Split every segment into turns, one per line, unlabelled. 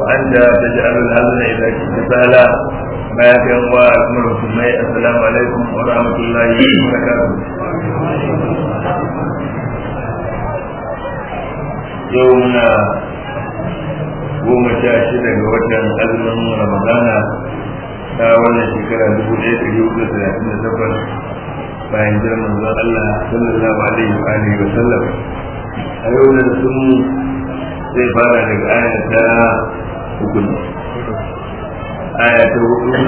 وأنت تجعل الحزن إذا كنت سهلا ما يكن وأكملكم السلام عليكم ورحمة الله وبركاته يومنا goma sha shida ga watan azumin ramadana ta wannan shekara dubu ɗaya da dubu da talatin da takwas bayan jiran manzon Allah sallallahu alaihi wa alihi wa a yau da sun zai fara daga aya ta hukun aya ta hukun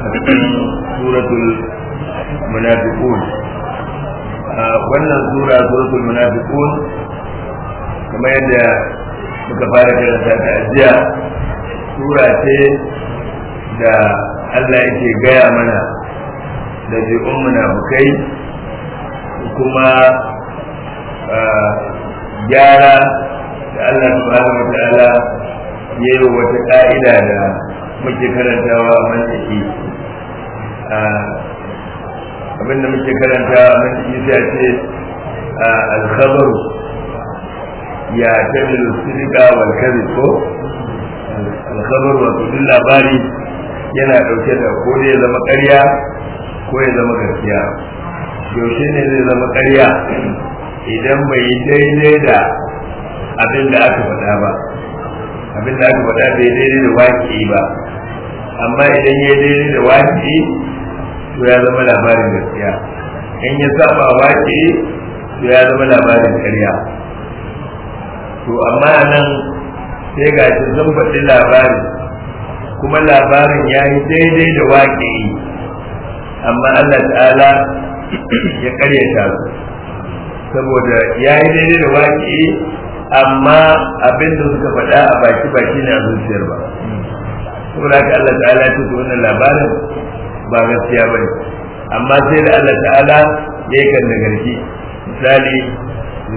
a cikin suratul munafiqun wannan sura suratul munafiqun kamar yadda suka fara karanta ta ajiya sura ce da Allah yake gaya mana da bi'un munafukai kuma gyara da Allah subhanahu wa ta'ala ya yi wata ka'ida da muke karantawa a mantaki abinda muke karantawa a mantaki sai ce alkhabaru ya tabi sirka wal kadhib ko alkhabar wato duk labari yana dauke da ko ya zama ƙarya ko ya zama gaskiya yaushe ne zai zama ƙarya idan bai daidai da abin da aka faɗa ba abin da aka faɗa bai daidai da waƙi ba amma idan ya daidai da waƙi to ya zama labarin gaskiya in ya saba waƙi to ya zama labarin ƙarya to amma nan sai ga shi sun faɗi labarin kuma labarin ya yi daidai da waƙi amma Allah ta'ala ya ƙaryata saboda ya yi daidai da waƙi amma abin da suka faɗa a baki baki ne a zuciyar ba saboda haka Allah ta'ala ya tuka wannan labarin ba gaskiya bane amma sai da Allah ta'ala ya kan da garki misali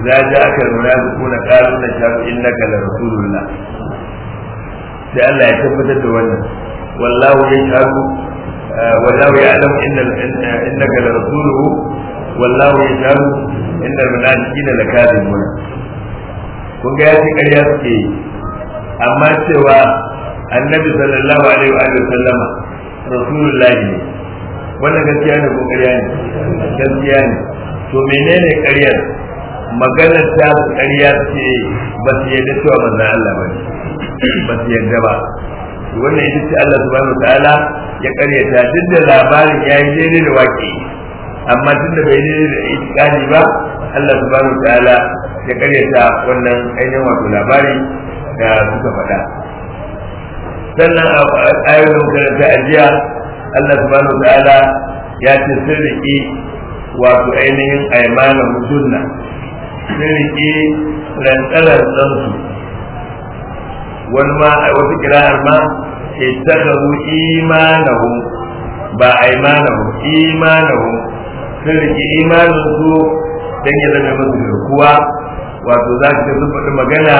idza ja'aka al-munafiquna qalu nashhadu innaka la rasulullah sai Allah ya tabbatar da wannan wallahu yashhadu eh, wallahu ya'lamu innaka la rasuluhu wallahu yashhadu innal munafiqina lakadibun kun ga ya ce ƙarya suke yi amma cewa annabi sallallahu alaihi wa sallama rasulullahi ne wannan gaskiya ne ko ƙarya ne gaskiya ne to menene ƙaryar magana ta su ƙarya ce ba su yarda cewa manzon Allah ba ba su yarda ba wannan ita ce Allah subhanahu ta'ala ya ƙaryata duk da labarin ya yi daidai da waƙi amma duk da bai daidai da itikadi ba Allah subhanahu ta'ala ya karyata wannan ainihin wato labari da suka faɗa sannan a ayoyin makaranta a jiya Allah subhanahu wa ta'ala ya ce sun riƙi wato ainihin aimanin mutunna sun riƙi rantsalar ɗansu wani ma a wata kira'ar ma ittakahu imanahum ba aimanahum imanahum sun riƙi imanin su dan ya zama musu kuwa? wato za su sun faɗi magana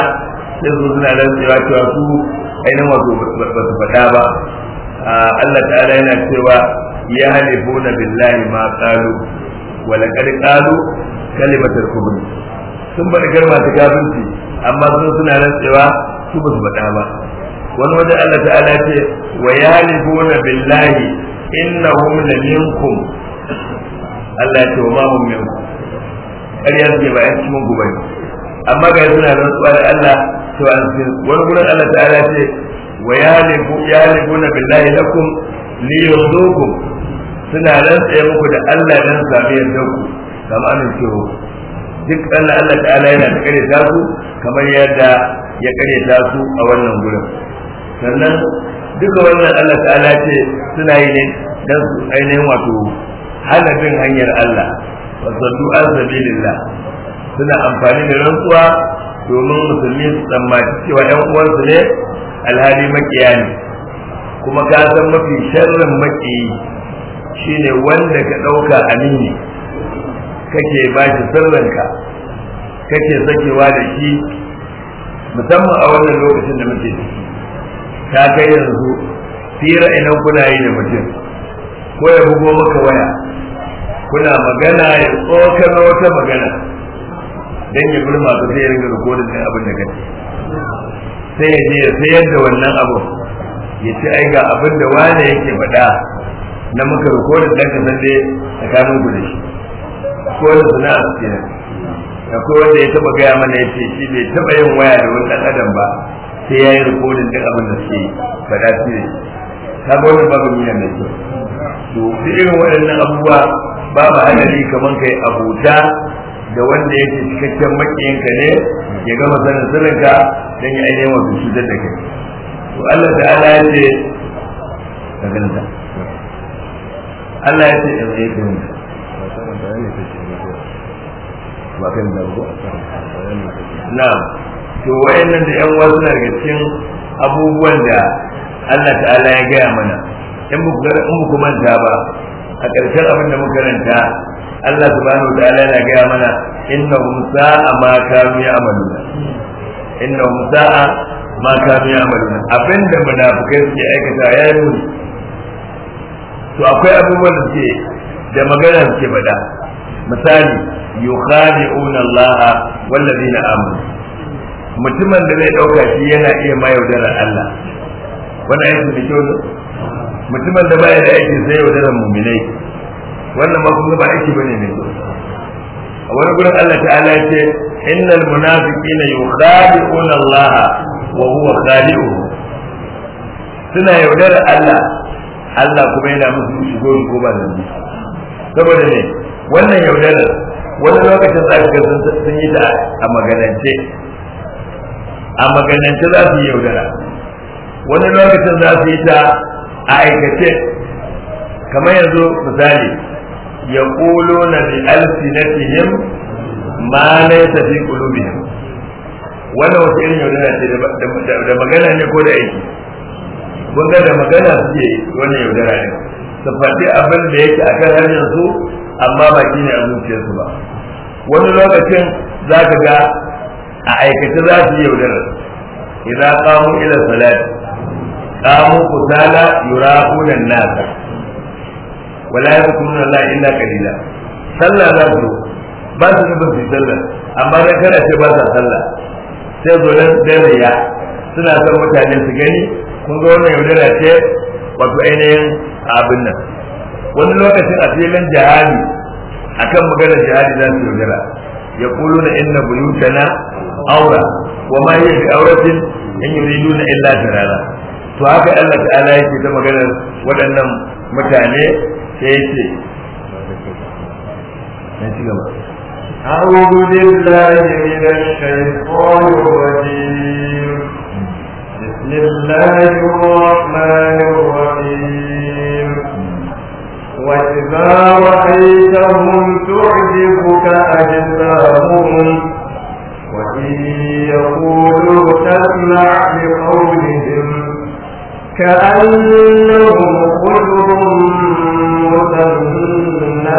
sai su suna rantsewa cewa su ainihin wato ba su faɗa ba Allah ta'ala yana cewa ya halifuna billahi ma ƙalu, wa laqad qalu kalimatul kufr sun faɗi kalma ta kafirci amma sun suna rantsewa su ba su faɗa ba wani wajen Allah ta'ala ce wa ya halifuna billahi innahum la minkum Allah ya ce wa ma hum minkum ƙarya suke ba yan cikin ku bane amma ga suna rantsuwa da Allah to an sin wani gurin Allah ta'ala ce wa yalibu yalibuna billahi lakum li yuzukum suna rantsa muku da Allah dan sami yadda ku kamar an ce oh, duk Allah Allah ta'ala yana da kare ta su kamar yadda ya kare ta su a wannan gurin sannan duka wannan Allah ta'ala ce suna yi ne dan su ainihin wato hana bin hanyar Allah wa sallu an sabilillah suna amfani da rantsuwa domin musulmi su tsammaci cewa yan uwansu ne alhali makiya ne kuma ka san mafi sharrin makiyi shine wanda ka ɗauka amini kake ba shi sirrinka kake sakewa da shi musamman a wannan lokacin da muke ciki ta kai yanzu fira idan kuna yi da mutum ko ya bugo maka waya kuna magana ya tsokano wata magana dan ya gurma ta sai ya ringa rikodin ɗin abin da kake sai ya je ya sayar da wannan abu ya ce ai ga abin da wani yake faɗa na muka rikodin ɗan ka san dai tsakanin ku da shi ko da a cikin kenan akwai wanda ya taɓa gaya mana ya ce shi bai taɓa yin waya da wani adam ba sai ya yi rikodin ɗin abin da suke faɗa su ne ta ba wani babu miyan da kyau to irin waɗannan abubuwa babu hadari kamar kai abuta da wanda yake cikakken ka ne ya gama sanin sirrinka don ya ainihin wasu cutar da kai to Allah ta'ala ya ce ka ganta Allah ya ce ya zai kai ba kan da ba na to wayannan da yan wasu na daga cikin abubuwan da Allah ta'ala ya gaya mana in ba ku manta ba a ƙarshen abin da muka ranta Allah subhanahu wa ta'ala yana gaya mana innahum sa'a ma kanu ya'maluna innahum sa'a ma kanu ya'maluna abinda munafikai suke aikata ya yi to akwai abubuwan da suke da magana suke faɗa misali yukhadi'una Allah amanu mutumin da zai dauka shi yana iya mayaudarar Allah wannan aiki da kyau mutumin da baya da aiki sai yaudarar mu'minai wannan ba kuma ba aiki bane ne a wani gurin Allah ta'ala ya ce innal munafiqina yukhadi'una Allah wa huwa khadi'u suna yaudar Allah Allah kuma yana musu shigo ko ba da saboda ne wannan yaudar wani lokacin za ka sun yi ta a maganance a maganance za su yi yaudara wani lokacin za su yi ta a aikace kamar yanzu misali yaquluna bi alsinatihim ma laysa fi qulubihim wannan wasu irin yaudara ce da magana ne ko da aiki kun ga da magana suke wannan yaudara ne su faɗi abin da yake a kan hanyar su amma ba shi ne a zuciyarsu ba wani lokacin za ka ga a aikace za su yi yaudara idan kamu ila salati kamu kusala yuraquna nasa wala na Allah illa qalila sallah na su ba su nufin su sallah amma dan kana ce ba sa sallah sai zo nan dariya suna son mutane su gani kun ga wannan yaudara ce wato ainihin abin nan wani lokacin a filin jihadi akan maganar jihadi za su yaudara ya kulu na inna buyutana aura wa ma hiya bi auratin in yuriduna illa tarara to haka Allah ta'ala yake ta maganar waɗannan mutane sai ce sai أعوذ
بالله من الشيطان الرجيم بسم الله الرحمن الرحيم وإذا رأيتهم تعجبك أجسامهم وإن يقولوا تسمع لقولهم كأنهم خلق متمنة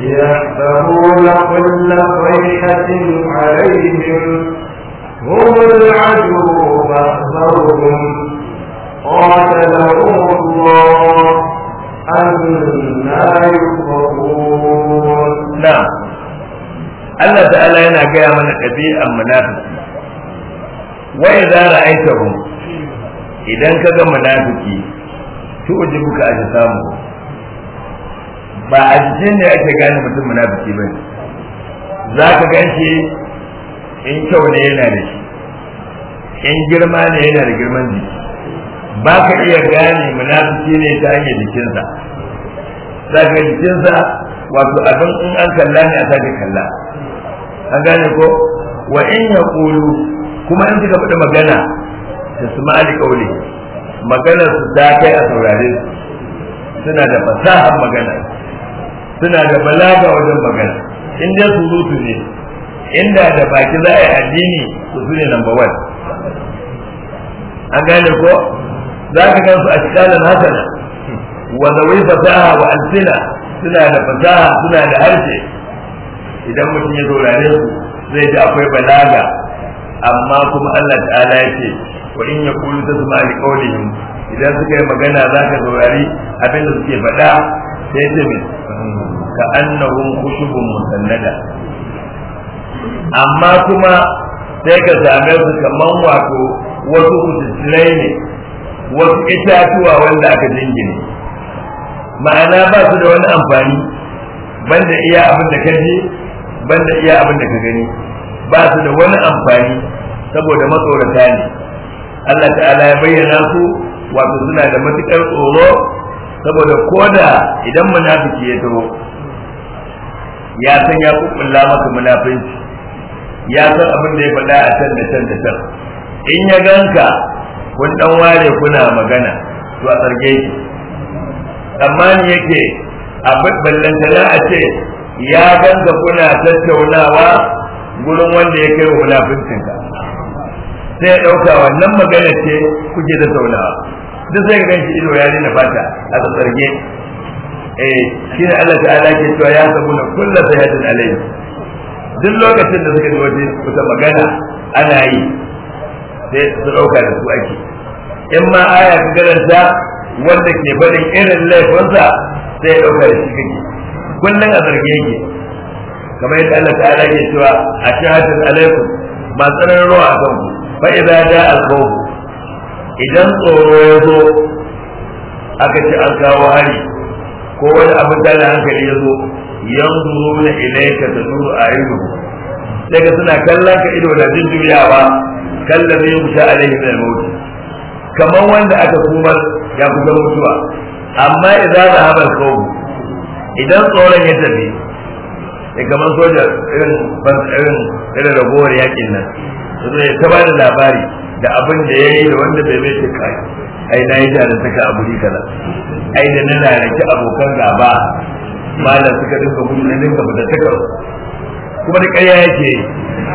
يحسبون كل صيحة عليهم هم العدو فاحذرهم قاتلهم الله
أنا يكفرون نعم Allah ta'ala yana gaya mana ɗabi'an munafiki wai za ra'aitahum idan ka ga munafiki tu'jibuka samu ba a jikin ne ake gane mutum munafiki ka gan ganshi in kyau ne yana da shi in girma ne yana da girman jiki ba ka iya gane munafiki ne ta hanyar jikinsa ka jikinsa wato abin in an kalla ne a sake kalla an gane ko wa in koyo kuma in kika faɗi magana da su ali qawli maganar su ta kai a saurare suna da fasahar magana suna da balaga wajen magana in dai surutu ne inda da baki za a yi addini su su ne number one an gane ko za ka gan su a cikin hasana wa zawai fasaha wa alsina suna da fasaha suna da harshe idan mutum ya saurare su zai ji akwai balaga amma kuma Allah ta'ala yake wa in ta tasma li qawlihim idan suka yi magana za ka saurari abin da suke faɗa sai ta min ka annahum khushubun musannada amma kuma sai ka same su kamar wato wasu kusurai ne wasu itatuwa wanda aka jingine ma'ana ba su da wani amfani banda iya abin da ka ji banda iya abin da ka gani ba su da wani amfani saboda matsorata ne Allah ta'ala ya bayyana su wato suna da matukar tsoro saboda koda idan munafiki ya taho ya san ya kukkulla maka munafinci ya san abin da ya faɗa a can da can da can in ya ganka kun dan ware kuna magana to a tsarge shi tsammani yake a ballantana a ce ya ganka kuna tattaunawa gurin wanda ya kai wa munafincinka sai ya ɗauka wannan magana ce kuke da saunawa duk sai ga ganshi ido ya rena fata a tsarge eh shi ne Allah ta'ala ke cewa ya sabu na kullu sayyidin alayhi duk lokacin da suka ji waje kusa magana ana yi sai su ɗauka da su ake in ma aya ka karanta wanda ke barin irin laifinsa sai ya ɗauka da shi kake kullum a zarge yake kamar yadda Allah ta'ala ke cewa a shahatin alaikum ba tsananin ruwa a kanku fa idza jaa al-khawf idan tsoro ya zo aka ci an hari ko wani abin da hankali ya zo yanzu yanzuruna ilayka taduru ayyuhum daga suna kallon ka ido da jin juyawa kallon ya kusa alaihi da al-maut kamar wanda aka kuma ya kusa mutuwa amma idan da haɓar kawo idan tsoron ya tafi ya kamar soja irin irin da ragowar yakin nan zo ya ta bada labari da abin da ya yi da wanda bai mai ta kai ai na yi jarin saka abu ne kaza ai da na ki abokan gaba ba da suka dinga gudu na dinga fita ta kawo kuma da ƙarya yake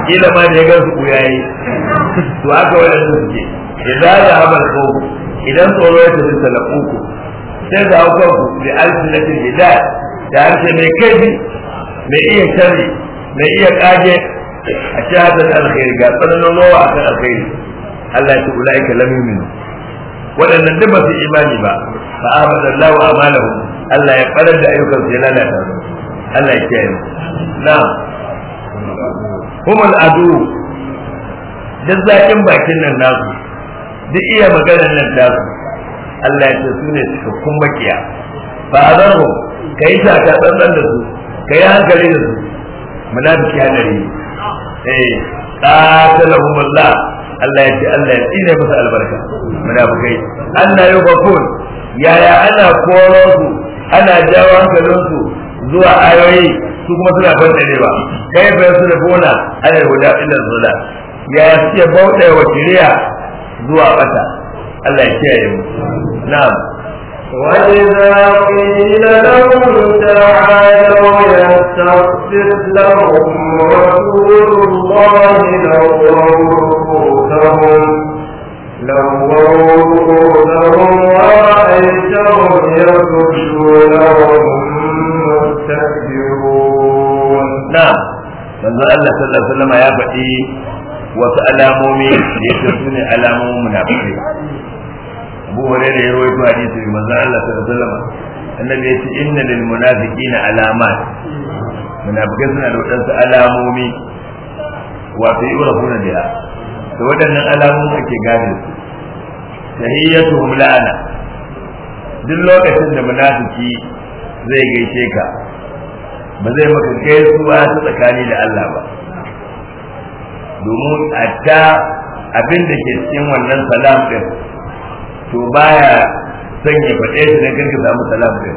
kila ma da ya ga su ya yi to haka wannan su suke idza da habal ko, idan tsoro ya tafi talaquku sai da hauka ku bi alsinatil hidayah da harshe mai kai mai iya sani, mai iya kage a ce hasan alkhairi ga tsananin rawa a alkhairi Allah ya ce ula'ika lam yu'minu waɗannan ba su imani ba fa abada Allahu amalahum Allah ya farar da ayyukan su ya lalata su Allah ya kiyaye na humul adu duk zakin bakin nan nasu duk iya maganar nan nasu Allah ya ba a zarho ka yi da su ka yi hankali da su eh qatalahum Allah Allah ya ce Allah ya tsine masa albarka munafikai Allah ya gafur yaya ana koro ana jawo hankalin zuwa ayoyi su kuma suna bandarewa kai fa su da bona ala huda illa zula yaya suke bauɗe wa shari'a zuwa Allah ya mu وإذا
قيل لهم تعالوا يستغفر لهم رسول الله لووا رؤوسهم لووا رؤوسهم ورأيتهم
يبشرونهم مستكبرون نعم manzo Allah sallallahu alaihi wasallam ya faɗi wasu alamomi da yake su ne alamomin abu hurairah ya rawaito hadisi bi manzo Allah sallallahu alaihi wasallam annabi ya ce inna lil munafiqina alamat munafikai suna da wadansu alamomi Wa yi urafuna biha da waɗannan alamomi ake gane su tahiyyatuhum la'ana duk lokacin da munafiki zai gaishe ka ba zai maka gaisuwa ta tsakani da Allah ba domin a ta abin da ke cikin wannan salam din to baya son ya faɗe shi kan ka samu salam din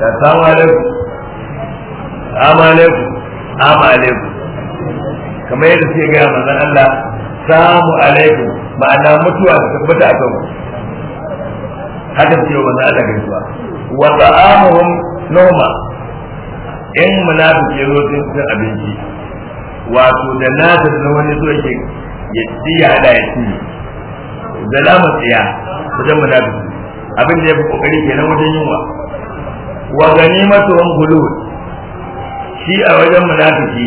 da samu alaikum amma alaikum amma alaikum kamar yadda suke gaya manzon Allah samu alaikum ma'ana mutuwa ta tabbata a kanku haka suke wa manzon Allah gaisuwa wa ta'amuhum noma in munafiki ya zo cin abinci wato da nasa da wani zo ke ya ci ya da ya ci da lama tsiya wajen munafiki abin da ya fi kokari kenan wajen yunwa wa gani ganimatuhum hulud shi a wajen munafiki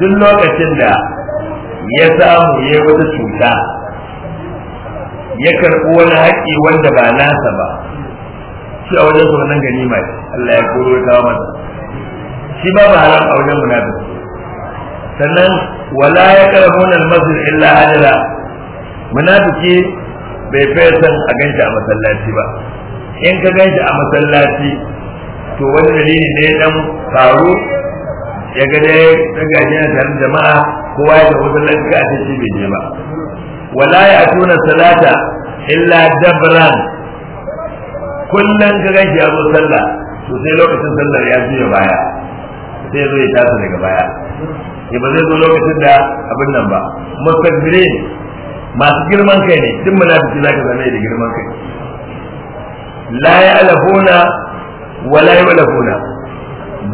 duk lokacin da ya samu ya wata cuta ya karɓi wani haƙƙi wanda ba nasa ba shi a wajen su wannan ganima ce Allah ya koro ya kawo masa shi ba ba haram a wajen munafiki sannan wala ya karɓi wannan masjid illa ajala munafiki bai fesan a ganshi a masallaci ba in ka ganshi a masallaci to wani dalili ne dan faru ya ga dai daga jina tare jama'a kowa ya tafi masallaci ka ce shi bai je ba wala ya tuna salata illa dabran kullun ka ganshi a zo sallah to sai lokacin sallar ya juya baya sai zai zo tasa daga baya ya ba zai zo lokacin da abin nan ba musabbirin masu girman kai ne duk munafiki zaka zame da girman kai la ya'lafuna wa la ya'lafuna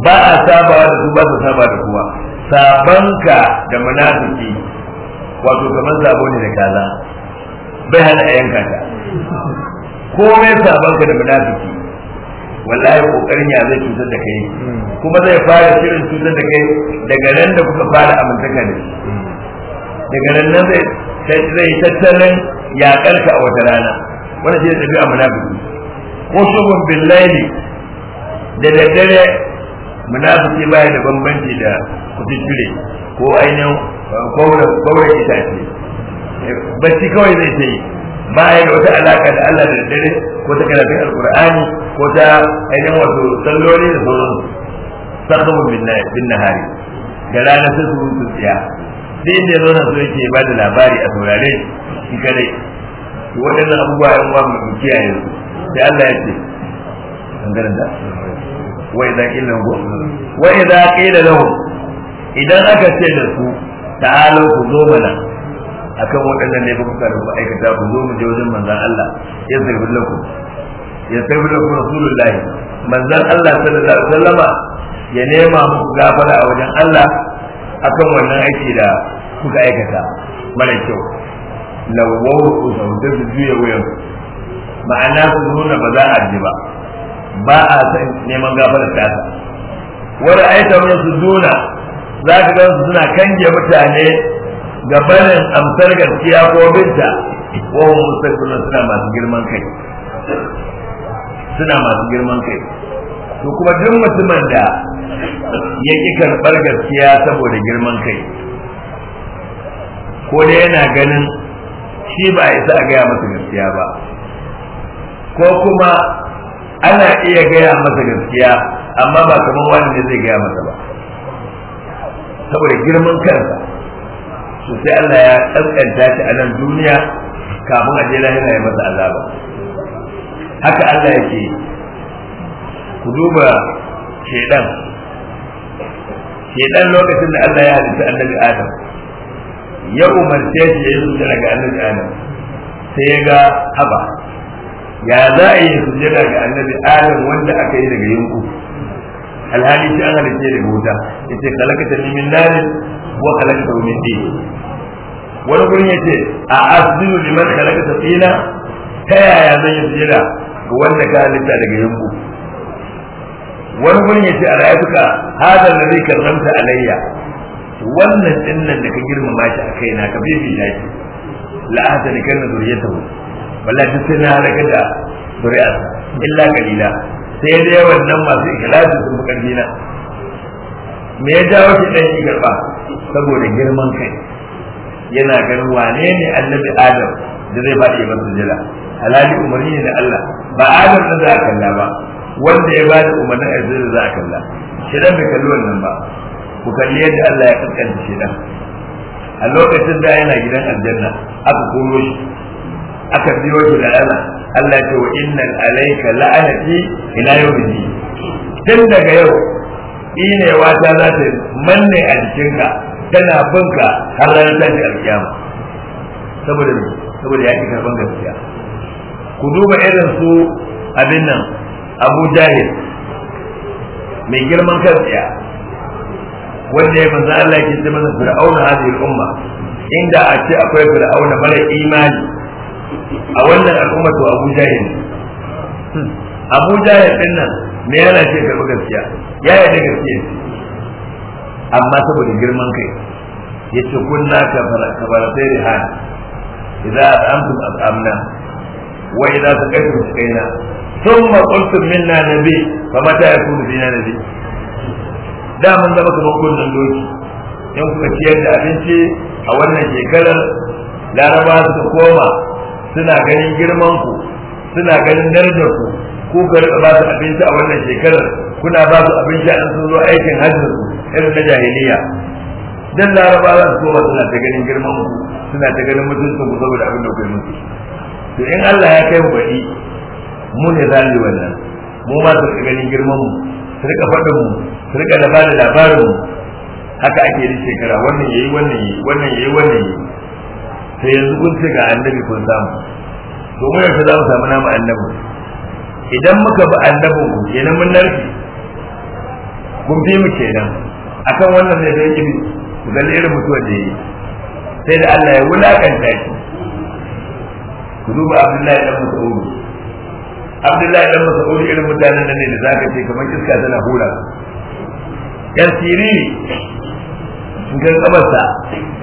ba a sabawa da su ba su saba da kowa sabanka da munafiki wato kamar zabo ne da kaza bai hana a yanka ta komai sabanka da munafiki wallahi kokarin ya zai cutar da kai kuma zai fara shirin cutar da kai daga nan da kuka fara amintaka da shi daga nan nan zai zai tattalin ya ka a wata rana wanda shi tafi a munafiki ko shubun billahi da daddare munafiki baya da bambanci da kututure ko ainihin eh, kowar itace bacci kawai zai ce yi da wata alaka da Allah da daddare ko ta karatun alkur'ani ko ta ainihin wato salloli da sauransu sakhamun bin nahari da rana sai su tsaya da inda ya zauna su yake ba da labari a saurare shi kadai to waɗannan abubuwa yan uwa mu kiyaye su sai Allah ya ce dangane da wa idza qila lahum wa idza qila lahum idan aka ce da su ta'alu ku zo mana akan waɗannan ne kuka da ku aikata ku zo mu je wajen manzon Allah ya zirbi lakum ya zirbi lakum rasulullahi manzon Allah sallallahu alaihi wasallama ya nema muku gafara a wajen Allah akan wannan aiki da kuka aikata mara kyau lawwar ku sautar su juya wuyan ma'ana su nuna ba za a ji ba ba a san neman gafarar ta wani aita wani su nuna za ka gan su suna kange mutane ga barin amsar gaskiya ko binta wawan musulmi suna masu girman kai suna masu girman kai to kuma duk mutumin da ya ƙi karɓar gaskiya saboda girman kai ko da yana ganin shi ba a isa a gaya masa gaskiya ba ko kuma ana iya gaya masa gaskiya amma ba kamar wani zai gaya masa ba saboda girman kansa to sai Allah ya tsantsanta shi a nan duniya kafin a je lahira ya masa azaba haka Allah yake ku duba shedan shedan lokacin da Allah ya halitta annabi Adam ya umarce shi ya yi daga annabi Adam sai ya ga haba ya za a yi jira ga annabi Adam wanda aka yi daga yanku alhali shi an halitta daga wuta Ya ce kalaka ta min narin wa ta wumin ɗi wani gurin ce, a asjudu liman ta tsina ta yaya zan yi jira ga wanda ka halitta daga yanku wani gurin ya ce a rayuka hadar da zai karramta alayya wannan dinnan da ka girmama shi a kaina ka bi shi shi la'ata da karna zuriyatahu wallahi sai na halaka da zuriyar illa kalila sai da yawan nan masu ikhlasi sun fi karfi na me ya jawo shi dan shi garba saboda girman kai yana ganin wane ne annabi adam da zai faɗi masa jira alhali umarni ne da Allah ba adam da za a kalla ba wanda ya bada umarnin arziki za a kalla shidan bai kalli wannan ba ku kalli yadda Allah ya kaskanta shidan. a lokacin da yana gidan aljanna aka koro shi aka biyo shi da la'ana Allah ya ce wa innal alayka la'anati ila yawmin tun daga yau wa ta za ta manne a jikinka tana binka har ranar ji alkiyama saboda saboda ya ki karban gaskiya ku duba irin su abin nan abu jahil mai girman kan tsaya wanda ya manzo Allah yake ce masa fir'auna hadhihi umma inda a ce akwai fir'auna mara imani a wannan al'umma to abu jahil abu jahil din nan me yana ce karɓi gaskiya ya yi da gaskiya amma saboda girman kai ya ce kunna da rihani idan amtum amna wa idan ta kaitu kaina ثم قلت منا نبي فمتى يكون فينا نبي da mun zama kamar kullun doki in kuka ciyar da abinci a wannan shekarar laraba suka koma suna ganin girman ku suna ganin darajar ku ku ka rika ba su abinci a wannan shekarar kuna ba su abinci a sun zo aikin hajji irin na jahiliya dan laraba za su koma suna ta ganin girman ku suna ta ganin mutuncin ku saboda abin da ku yi musu to in Allah ya kai mu baɗi mu ne za mu yi wannan mu ba su rika ganin girman mu su rika faɗin mu su rika da bada labarin mu haka ake yi shekara wannan yayi wannan yayi wannan yayi wannan yayi sai yanzu kun ce ga annabi kun samu to mu yanzu za mu samu namu annabi idan muka bi annabin ku kenan mun narki kun fi mu kenan akan wannan zai zai yake ku ga irin mutuwar da yayi sai da Allah ya wulakanta shi ku duba Abdullahi ibn Mas'ud abdullahi dan mas'ud irin mutanen nan ne da zaka ce kamar iska tana hura yan siriri ga kabarsa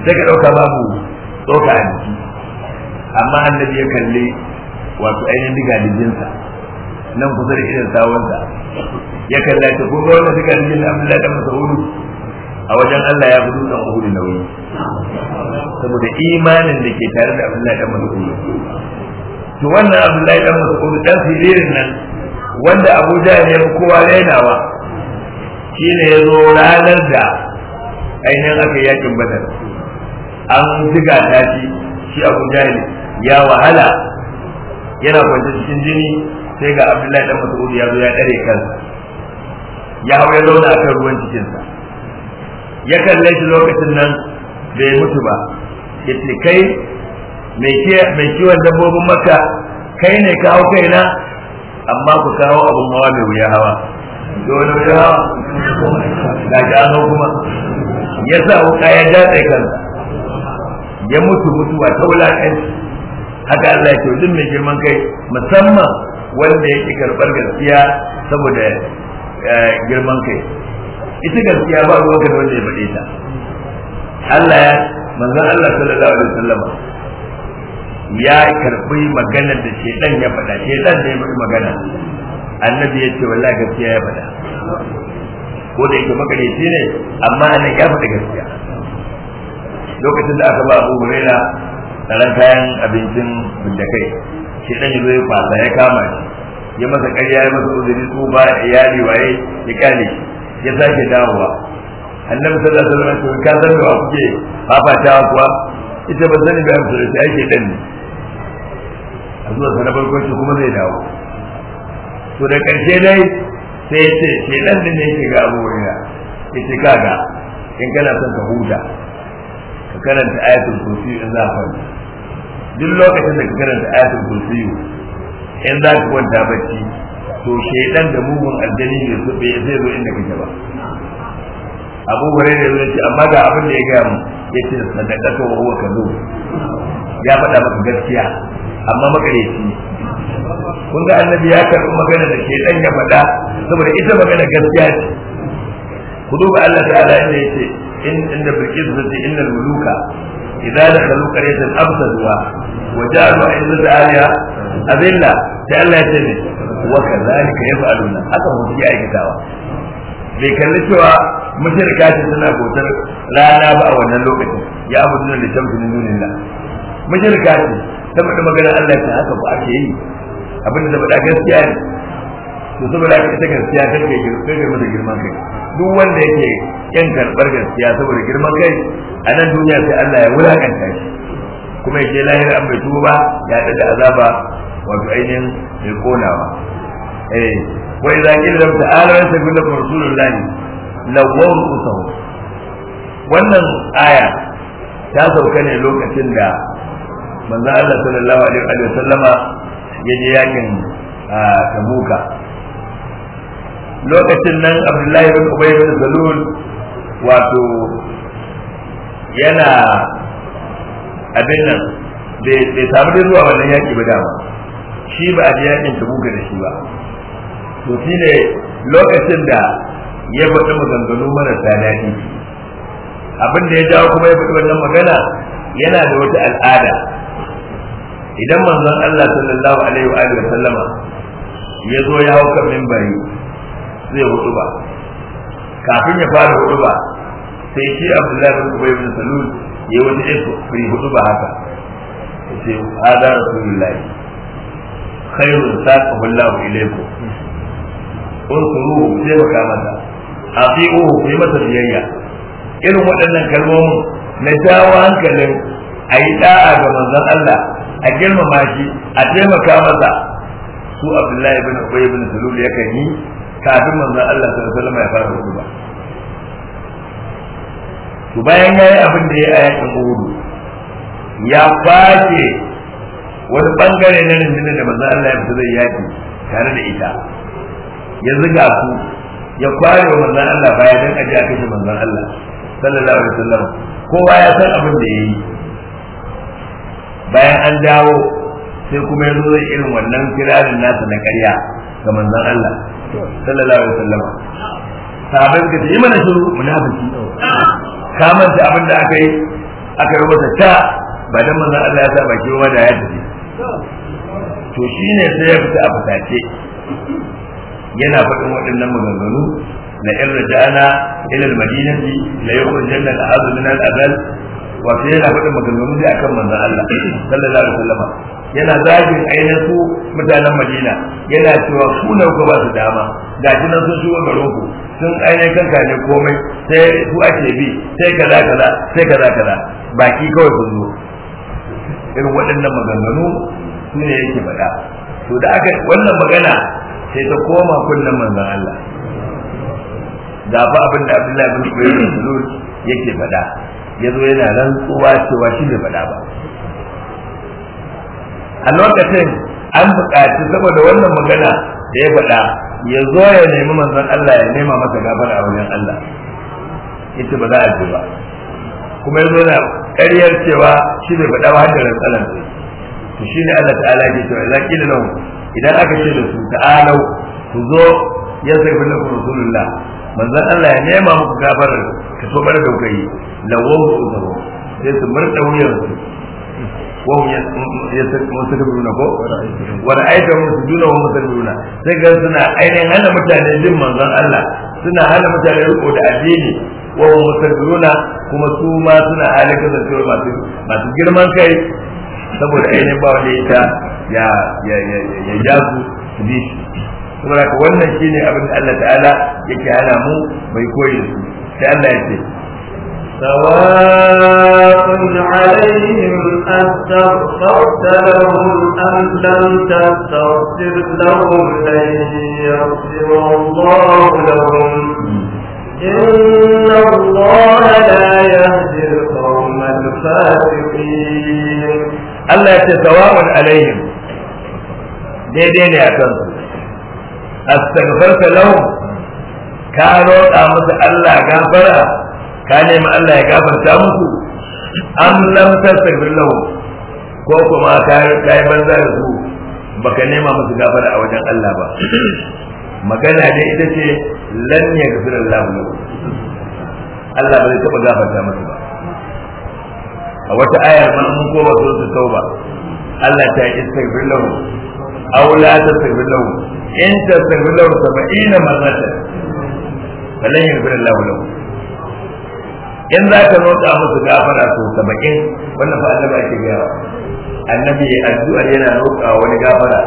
sai ka dauka babu tsoka a jiki amma annabi ya kalle wato ainihin diga dijinsa nan kusa da irin sawunsa ya kalla ta kuma wannan diga dijin abdullahi dan mas'ud a wajen Allah ya gudu dan uhud nauyi saboda imanin da ke tare da abdullahi dan mas'ud to wannan abdullahi dan mas'ud dan sirrin nan wanda abu jahil ya fi kowa rainawa shine ya zo ranar da ainihin aka yakin badar an diga ta shi shi abu jahil ya wahala yana kwance cikin jini sai ga abdullahi dan mas'ud ya zo ya dare kansa ya hau ya zauna kan ruwan cikinsa ya kalle shi lokacin nan bai mutu ba ya ce kai mai kiwon dabbobin maka kai ne kawo kaina amma ku kawo abin hawa mai wuya hawa dole wuya hawa ga gano kuma ya sa wuka ya datse kansa ya mutu mutu wa taula kai haka Allah ya duk mai girman kai musamman wanda yake karɓar gaskiya saboda eh, girman kai ita gaskiya ba ruwan wanda ya faɗe ta Allah ya manzon Allah sallallahu alaihi wasallam ya karbi maganar da ɗan ya faɗa da ne mai magana annabi ya ce wallahi gaskiya ya faɗa ko da yake makareci ne amma annan ya faɗi gaskiya lokacin da aka ba abu huraira tsaron kayan abincin bindakai ɗan ya zo ya kwasa ya kama shi ya masa ƙarya ya masa uzuri ya yi waye ya kale ya sake dawowa annabi sallallahu alaihi wasallam ya ce ka san me wa kuke fafatawa kuwa ita ba sani ba amsa da shi ake dan ne zuwa sa na farko shi kuma zai dawo to da karshe dai sai ya ce ke dan da ne yake ga abubuwa ya ce kaga in kana son ka huta ka karanta ayatul kursi in za ka duk lokacin da ka karanta ayatul kursi in za ka kwanta bacci to shaidan da mugun aljani ne su bai zai zo inda kake ba abu gure da zai ce amma ga abin da ya gaya mu ya ce sadaka to wa kazo ya faɗa maka gaskiya amma makareci kun ga annabi ya karɓi magana da ke ɗan ya faɗa saboda ita magana gaskiya ce ku duba Allah ta'ala inda yace in inda Bilkisu ta ce innal muluka idza dakhalu qaryatan afsaduha wa ja'alu a'izzat aliha azilla da Allah ya ce ne wa kadhalika yaf'aluna haka mu ya aikatawa bai kalli cewa mushrika ce suna bautar rana ba a wannan lokacin ya abudu da shamsu min dunillah mushrika ce ta faɗi maganar Allah ta haka ba ake yi abin da faɗa gaskiya ne to saboda haka ita gaskiya ta ke girma kai girman kai duk wanda yake yan karɓar gaskiya saboda girman kai a nan duniya sai Allah ya wulakanta shi kuma yake lahira an bai tuba ya da azaba wato ainihin mai konawa eh wa idza qila lam ta'ala wa sabila lakum rasulullah lawaw usahu wannan aya ta sauka ne lokacin da manzo Allah sallallahu alaihi wa sallama ya je yakin Tabuka lokacin nan Abdullahi bin Ubay bin Salul wato yana abin nan bai samu da zuwa wannan yaki ba dama shi ba a je yakin Tabuka da shi ba to ne lokacin da ya faɗi maganganu marasa daɗi abin da ya jawo kuma ya faɗi wannan magana yana da wata al'ada idan manzon Allah sallallahu alaihi wa sallama ya zo ya hau hauka minbari zai hudu ba kafin ya fara hudu ba sai shi Abdullahi bin Ubay bin Salul ya wani iko yi hudu ba haka yace hada rasulullahi khairun saqahu Allah ilaykum unsuru sai baka mata afi'uhu ku yi masa biyayya irin waɗannan kalmomin na jawo hankalin a yi da'a ga manzon Allah a girmama shi a taimaka masa su abdullahi bin ubay bin ya yakan yi kafin manzon Allah sallallahu alaihi wasallam ya fara hutuba to bayan yayi abin da ya yi a yakin ya kwace wani bangare na rundunar da manzon Allah ya fita zai yaki tare da ita ya zuga su ya kware wa manzon Allah bayan da aje a kashe manzon Allah sallallahu alaihi wasallam kowa ya san abin da yayi bayan an dawo sai kuma ya zo irin wannan kirarin nasa na ƙarya ga manzan Allah sallallahu alaihi wasallam ka ta ce mana shiru munafiki ka manta abin da aka yi aka yi wata ta ba dan manzan Allah ya sa baki ba da ya tafi to shine sai ya fita a fitace yana faɗin waɗannan maganganu na irin da ana al-madinati la yukhrijanna al-ahadu min al-abal wato yana faɗin maganganu ne akan manzon Allah sallallahu alaihi wasallam yana zagin ainihin su mutanen Madina yana cewa ku ne ku ba su dama ga shi nan sun shigo garin ku sun ainihin kanka ne komai sai su ake bi sai kaza kaza sai kaza kaza baki kawai sun zo irin waɗannan maganganu su ne yake faɗa to da aka wannan magana sai ta koma kullum manzon Allah da ba abin da Abdullahi bin Ubayd bin yake faɗa ya zo yana rantsuwa cewa shi bai faɗa ba a lokacin an buƙaci saboda wannan magana da ya faɗa ya zo ya nemi manzon Allah ya nema masa gafara a wajen Allah ita ba za a ji ba kuma ya zo yana ƙaryar cewa shi bai faɗa ba har da sai, to ne Allah ta'ala ya ce idan kila lahum idan aka ce da su ta'alau ku zo ya zai bin rasulullah manzan Allah ya nema muku gafarar ka so bar da kai lawo ku zama sai su murda wuyan su wau ya ya ta su na ko wa ra'aita musujuna wa musalluna sai ga suna ainihin hana mutane jin manzan Allah suna hana mutane ko da addini wa mu ta musalluna kuma su ma suna halaka da su masu masu girman kai saboda ainihin ba wani wanda ya ya ya ya ya su bi saboda ka wannan shine abin da Allah ta'ala yake hana mu bai koyi su sai
Allah ya ce سواء عليهم أستغفرت لهم أم لم تستغفر لهم لن يغفر الله لهم إن الله لا يهدي
القوم الفاسقين الله يتسواء عليهم daidai ne a kansu astaghfarta lahum ka roƙa musu Allah gafara ka nemi Allah ya gafarta musu am lam tastaghfir lahum ko kuma ka yi banza da su baka nema musu gafara a wajen Allah ba magana dai ita ce lan yaghfir Allah lahum Allah ba zai taɓa gafarta musu ba a wata ayar ma mun koma su tauba Allah ta yi istighfar lahum aw la tasbihu lahu in tasbihu lahu 70 marratan falan yaghfir Allahu lahu in za ka roƙa musu gafara to 70 wannan fa Allah ake gaya annabi ya addu'ar yana roƙa wani gafara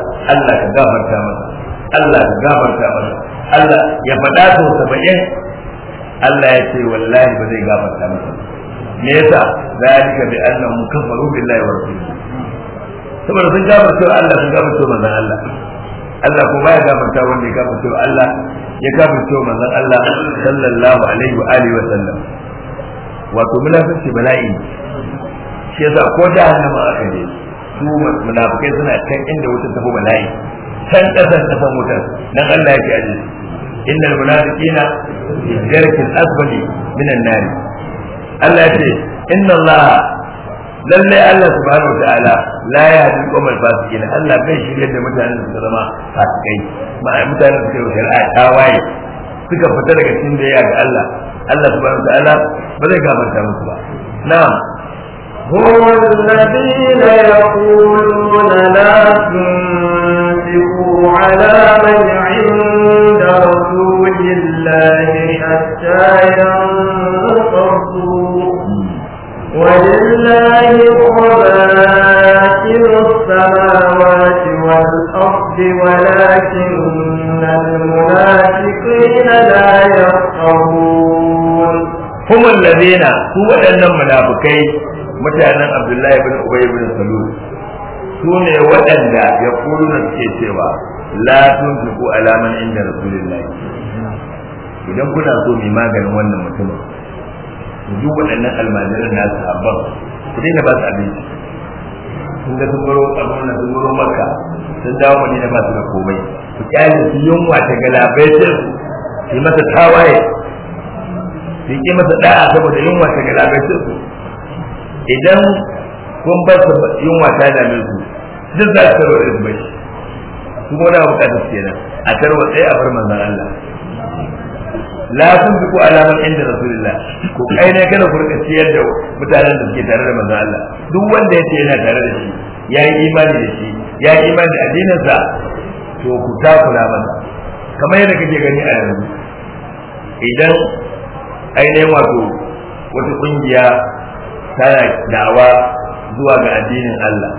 Allah ya faɗa to 70 Allah ya ce wallahi ba zai gafarta me yasa zalika bi annahum kafaru billahi saboda sun gafarta wa Allah sun gafarta wa manzon Allah Allah ko baya gafarta wanda ya gafarta wa Allah ya gafarta wa manzon Allah sallallahu alaihi wa alihi wa sallam wato munafici bala'i shi yasa ko da hannu hannama aka je su munafikai suna kan inda wutar tafi bala'i kan kasan kafan wutar dan Allah ya yake aje innal munafiqina fi darkil asfali minan nar Allah ya ce inna Allah lalle Allah subhanahu wataala la ya hadi qawmal fasiqin Allah bai shirye da mutanen da suka zama fasikai mutanen da suka yi shari'a tawaye suka fita daga cikin da ya ga Allah Allah subhanahu wataala ba zai gafarta musu ba na'am هم الذين يقولون لا
تنفقوا على من عند رسول الله حتى يرى ولله خبائر السماوات والأرض ولكن المنافقين
لا يفقهون هم الذين هو أن المنافقين mutanen Abdullahi bin Ubay bin Salul su ne waɗanda ya kuluna suke cewa la tunfiqu alaman man inda rasulillahi idan kuna so mai maganin wannan mutumin duk waɗannan almajiran na sahabban ku daina ba su abinci sun ga sun baro abin da sun baro makka sun dawo madina ba su da komai ku kyale su yunwa ta galabaitar su yi masa tawaye su yi masa da'a saboda yunwa ta galabaitar su idan kun ba su yunwa ta dame su duk za su tarwa irin bai, su kuma na bukatar kenan a tarwa tsaye a bar manzan Allah la fi ko alamar inda rasulullah ko kai ne kana furka ciyar da mutanen da suke tare da manzo Allah duk wanda yace yana tare da shi yayi yi imani da shi ya imani da addininsa to ku ta kula masa kamar yadda kake gani a yanzu idan ainihin wato wata kungiya tana dawa zuwa ga addinin Allah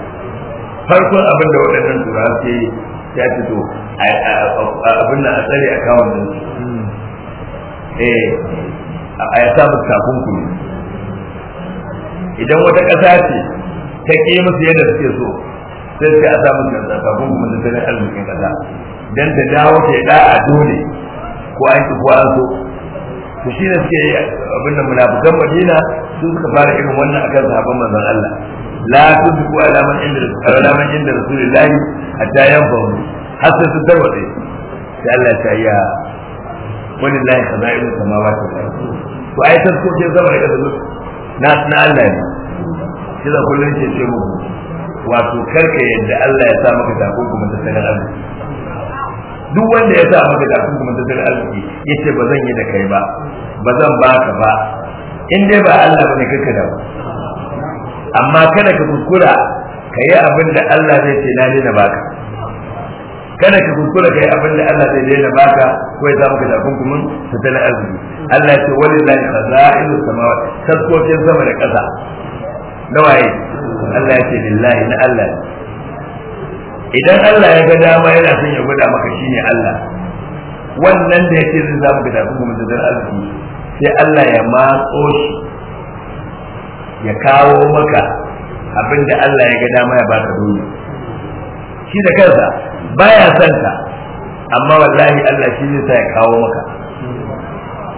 farkon abin da waɗannan turawa ke ya fito abin a tsare a kawon eh a ya samu takunkumi idan wata ƙasa ce ta ƙi musu yadda suke so sai sai a sa musu takunkumin da sai arzikin ƙasa don ta dawo ta yi da'a dole ko an ki ko an so to shi ne suke abin da munafukan madina su suka fara irin wannan a kan sahabban manzon Allah la tudku alaman inda alaman inda rasulullahi tayan yanfa har sai su tarwade sai Allah ta yi walillahi khaza'inu samawati wal ardi to ai tasko ce zama da kasu na na Allah ne shi da kullun ce ce mu wato karka yadda Allah ya sa duk wanda ya sa maka takunkumin tattalin arziki ya ce ba zan yi da kai ba ba zan baka ba in dai ba Allah bane karka da ba amma kada ka kuskura ka yi abin da Allah zai ce na ne na baka kada ka kuskura kai abin da Allah zai daina baka ko ya samu ka su tana arziki Allah ya ce walillahi khaza'inu samawati taskokin sama da ƙasa waye Allah ya ce lillahi na Allah idan Allah ya ga dama yana son ya gwada maka shine Allah wannan da yake zai samu ka takunkumin tattalin arziki sai Allah ya matso shi ya kawo maka abin da Allah ya ga dama ya baka duniya shi da kansa baya son ka amma wallahi Allah shi ne sa ya kawo maka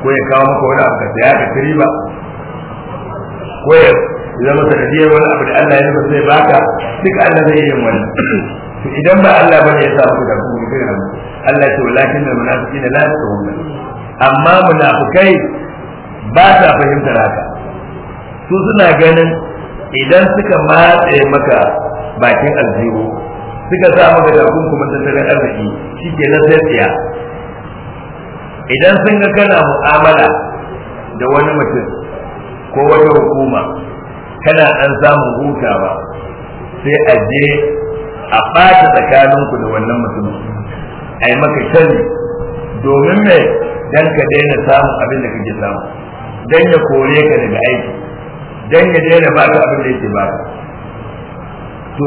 ko ya kawo maka wani abu ka saya ka ci ba? ko ya zama sanadiyar wani abu da Allah ya nufa sai baka duk Allah zai yi wani to idan ba Allah bane ya samu da kuma kai hannu Allah ce walakin ne lafi la yafqahuna amma munafikai ba sa fahimtar haka su suna ganin idan suka matse maka bakin aljihu suka sa maka kuma tattalin arziki shi ke na tsaya idan sun ga kana mu'amala da wani mutum ko wata hukuma kana an samun huta ba sai a je a ɓata tsakaninku da wannan mutumin a yi maka shari domin mai dan ka daina samun abin da kake samu dan ya kore ka daga aiki dan ya daina baka abin da yake baka to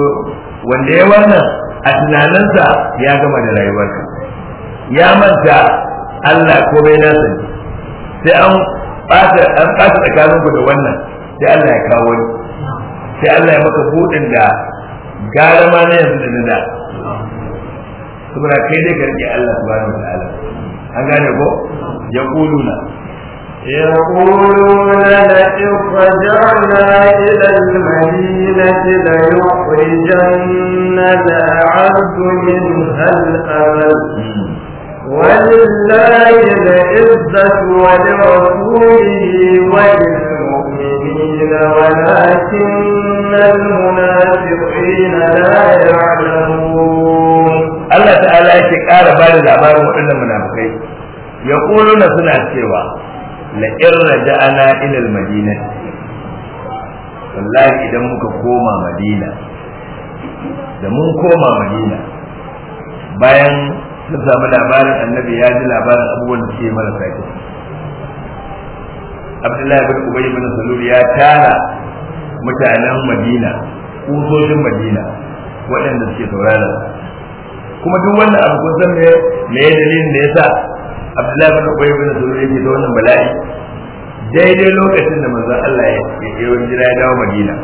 wanda ya wannan a tunaninsa ya gama da rayuwarka ya manta Allah bai na sani sai an ɓata an ɓata tsakaninku da wannan sai Allah ya kawo ni sai Allah ya maka buɗin da gara ma na yanzu da nada saboda kai dai ka rike Allah subhanahu wa ta'ala an gane ko ya kuluna يقولون لئن رجعنا
إلى المدينة ليخرجن العبد منها الأمل ولله العزة ولرسوله وللمؤمنين ولكن المنافقين لا
يعلمون الله تعالى يشكى بعد الأبار وإلا منافقين يقولون سنة سوى la irraja ana ila madina wallahi idan muka koma madina da mun koma madina bayan sun samu labarin annabi ya ji labarin abubuwan da suke marasa kyau abdullahi bin ubay bin salul ya tara mutanen madina kusoshin madina waɗanda suke saurara kuma duk wannan abu kun san me dalilin da yasa abdullahi bin ubay bin zubair yake da wannan bala'i daidai lokacin da manzon Allah ya yi wani jira ya dawo Madina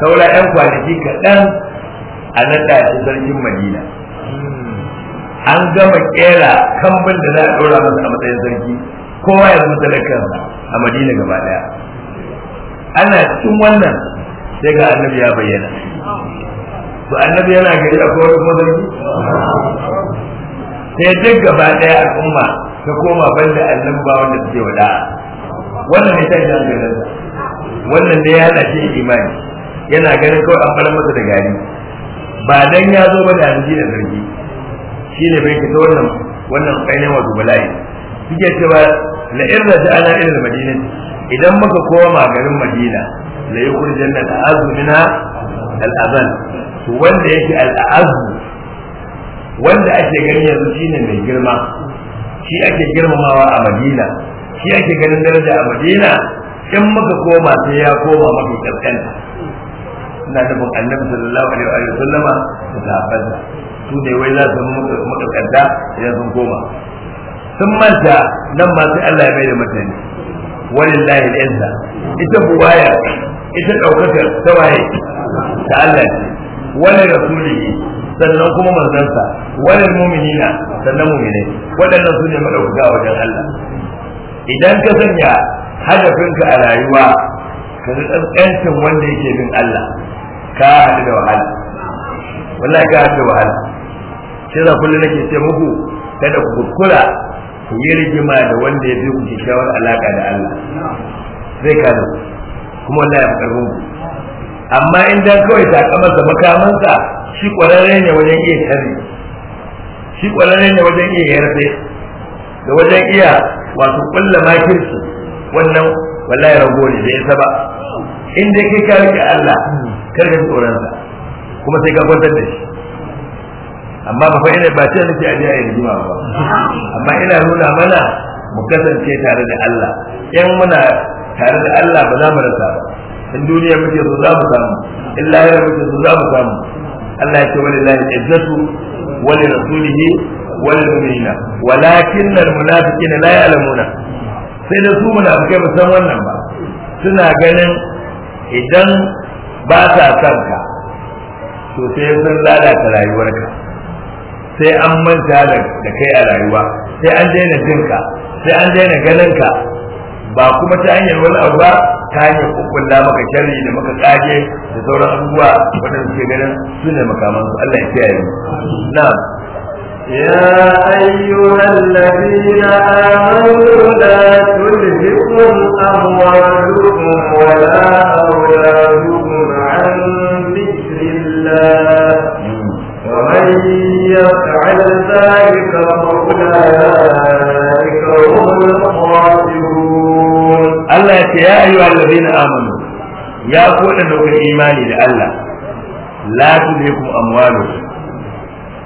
saura ɗan kwanaki kaɗan a naɗa shi sarkin Madina an gama kera kambun da za a ɗora masa a matsayin sarki kowa ya zama talakan a Madina gaba ɗaya ana cikin wannan sai ga annabi ya bayyana to annabi yana gari a kowa kuma sarki sai duk gaba ɗaya al'umma ta koma banda annabi ba wanda suke wada wannan ne ta shi hankalin wannan ne ya lashe imani yana ganin kawai an fara masa da gari ba dan ya zo ba da hanji da zargi ne bai fita wannan wannan ainihin wato bala'i suke cewa na irin da ana irin madina idan muka koma garin madina la yukhrijanna al-azmina al-azan wanda yake al-azmu wanda ake gani yanzu shine mai girma shi ake girmamawa a madina shi ake ganin daraja a madina in muka koma sai ya koma mafi kaskanta na nufin annabi sallallahu alaihi wa sallama da sahabbansa su ne wai za su makakanta sai sun koma sun manta nan ma sai Allah ya bai da mutane walillahi al'izza ita buwaya ita daukakar tawaye ta Allah ce wani rasulihi sannan kuma manzansa wannan na sannan mu'mine waɗannan su ne madauka wajen Allah idan ka sanya hadafinka a rayuwa ka ji tsantsancin wanda yake bin Allah ka haɗu da wahala wallahi ka haɗu da wahala shi za kullum nake ce muku kada ku kuskura ku yi rigima da wanda ya fi ku kyakkyawar alaka da Allah zai kano kuma wallahi ya fi ku amma in dan kawai sakamarsa makamansa shi kwararre ne wajen iya sharri shi kwararre ne wajen iya yarfe da wajen iya wato kulla makirci wannan wallahi rago ne bai isa ba in dai kai ka rike Allah kar ka tsoron sa kuma sai ka kwantar da shi amma ba fa ina ba ce nake aje a yanzu ba amma ina nuna mana mu kasance tare da Allah in muna tare da Allah ba za mu rasa ba in duniya muke so za mu samu in lahira muke so za mu samu Allah ya ce walillahi izzatu wa li rasulihi wa lil mu'minina walakin al munafiqina la ya'lamuna sai da su munafikai ba san wannan ba suna ganin idan ba sa son ka sun lalata rayuwarka sai an manta da kai a rayuwa sai an daina jinka sai an daina ganin ka ba kuma ta hanyar wani abu ba ta hanyar kukkulla maka sharri da maka kage da sauran abubuwa waɗanda suke ganin su ne makaman su Allah ya kiyaye na
يا أيها الذين آمنوا لا تلهكم أموالكم ولا أولادكم عن ذكر الله ومن يفعل ذلك فأولئك ce ya ayyuha allazina
amanu ya ku da imani da Allah la ku amwalu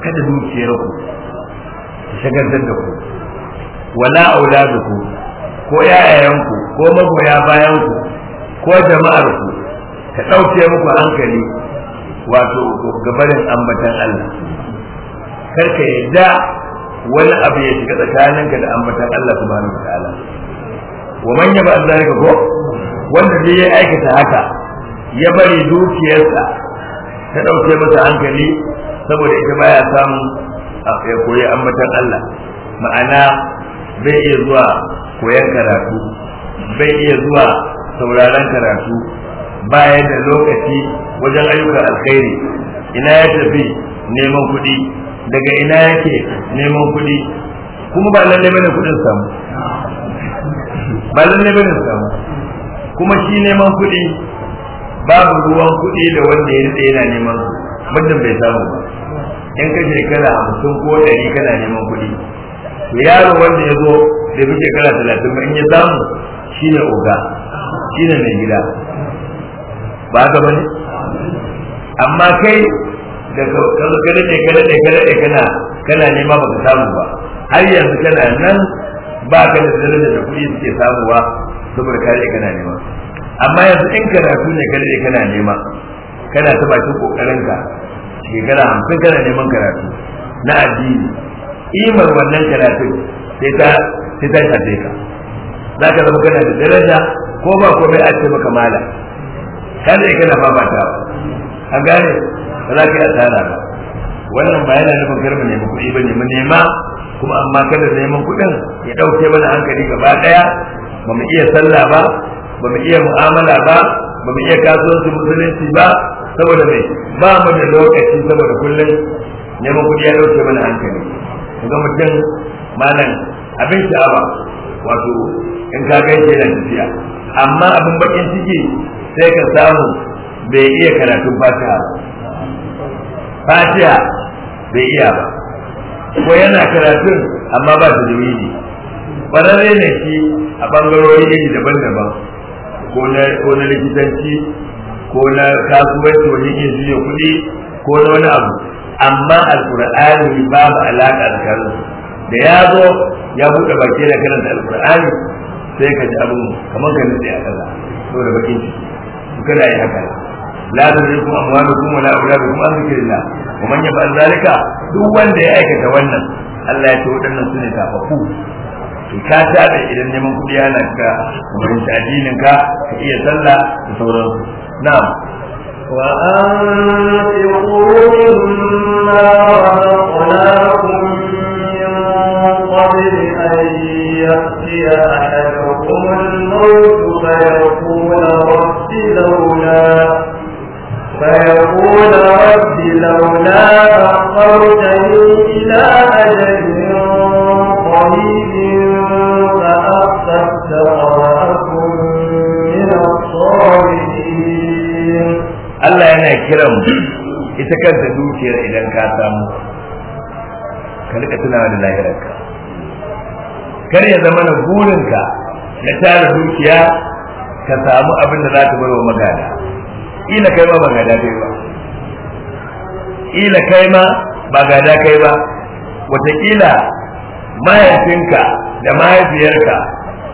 kada dukiyar ku ta shagaltar da ku wala auladuku ko yayayanku ko magoya bayanku ko jama'arku ka ɗauke muku hankali wato gabarin ambatan Allah karka yadda wani abu ya shiga tsakaninka da ambatan Allah subhanahu wa ta'ala wa manya yaba zalika ko wanda zai ya aikata haka ya bari dukiyarsa ta dauke masa hankali saboda ita baya samun ya koyi ambatan Allah ma'ana bai iya zuwa koyan karatu bai iya zuwa sauraron karatu bayan da lokaci wajen ayyukan alkhairi ina ya tafi neman kuɗi daga ina yake neman kuɗi kuma ba lallai bane kuɗin samu ba lalle bane su samu kuma shi neman kuɗi babu ruwan kuɗi da wanda ya rike yana neman mutum bai samu ba in ka shekara hamsin ko ɗari kana neman kuɗi to yaro wanda ya zo da bi shekara talatin ba in ya samu shi ne oga ne mai gida ba ka bane amma kai daga ka daɗe ka daɗe ka daɗe kana kana nema ka samu ba har yanzu kana nan ba ka da darajar da kuɗi suke samuwa saboda kare kana nema amma yanzu in karatu ne kare kana nema kana ta bakin kokarin ka shekara hamsin kana neman karatu na addini imar wannan karatun sai ta sai ta shafe ka za ka zama kana da daraja ko ba komai a ce maka mala kada da kana ta? an gane ba za ka yi asara ba wannan ba yana nufin ne ba kuɗi ba ne mu nema kuma amma kada neman kuɗin ya ɗauke mana hankali gaba ɗaya ba mu iya sallah ba ba mu iya mu'amala ba ba mu iya kasuwanci musulunci ba saboda mai ba mu da lokaci saboda kullum neman kuɗi ya ɗauke mana hankali ga mutum malam abin sha'awa wato in ka ga yake nan tafiya amma abin bakin ciki sai ka samu bai iya karatun fatiha fatiha bai iya ba ko yana karatun amma ba su dalili ƙwararre ne shi a ɓangarori iri daban-daban ko na likitanci ko na kasuwanci wani iya zuwa kuɗi ko na wani abu amma alƙur'ani babu alaƙa karin da ya zo ya buɗe baki da karanta alƙur'ani sai ka ji abin kamar ka nutse a ƙasa da bakin ciki kada yi haka la tadrikum amwalukum wala auladukum an zikrillah kuma ya ba zalika duk wanda ya aikata wannan Allah ya ce waɗannan su ne kafafu ka tabe idan neman kuɗi yana ka kamar addinin ka ka iya sallah da sauransu na'am
وأنفقوا مما رزقناكم من قبل أن يأتي أحدكم الموت فيقول رب لولا فيقول رب لولا أخرتني إلى أجل قريب من
الصالحين الله كرم ita idan ka samu ka rika kar ya zama na burinka ya tara dukiya ka samu abin da za ta bar wa magada ina kai ma magada kai ba kila kai ma ba gada kai ba wataƙila mahaifinka da mahaifiyarka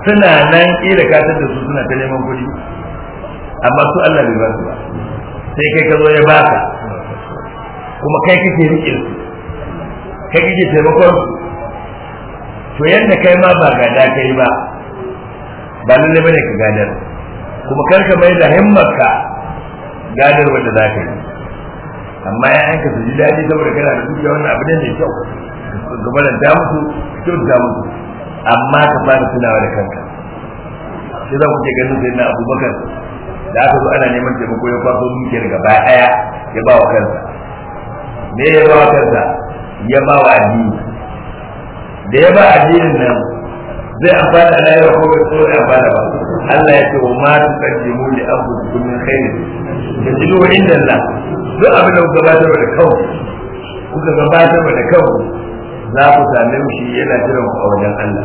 suna nan ƙila ka da su suna ta neman kuɗi amma su Allah bai ba su ba sai kai ka zo ya baka kuma kai kake rike su kai kake taimakon su to yadda kai ma ba gada kai ba ba lalle bane ka gadar kuma kar ka mai da himmarka gadar wanda za ka yi amma ya aika su ji daɗi saboda kana da dukiya wannan abu ne mai kyau gabanin da musu kyau da musu amma ka fara tunawa da kanka sai za ku ke ganin sai na abubakar da aka zo ana neman taimako ya kwaso dukiyar gaba ɗaya ya ba wa kansa me ya ba wa kansa ya ba wa addini da ya ba addinin nan zai amfana da ya ko ya amfana ba Allah ya ce wa ma tuqaddimu li anfusikum min khairin wa inda Allah duk abin da kuka gabatar da kanku kuka gabatar da kawo za ku same shi yana jiran ku a wajen Allah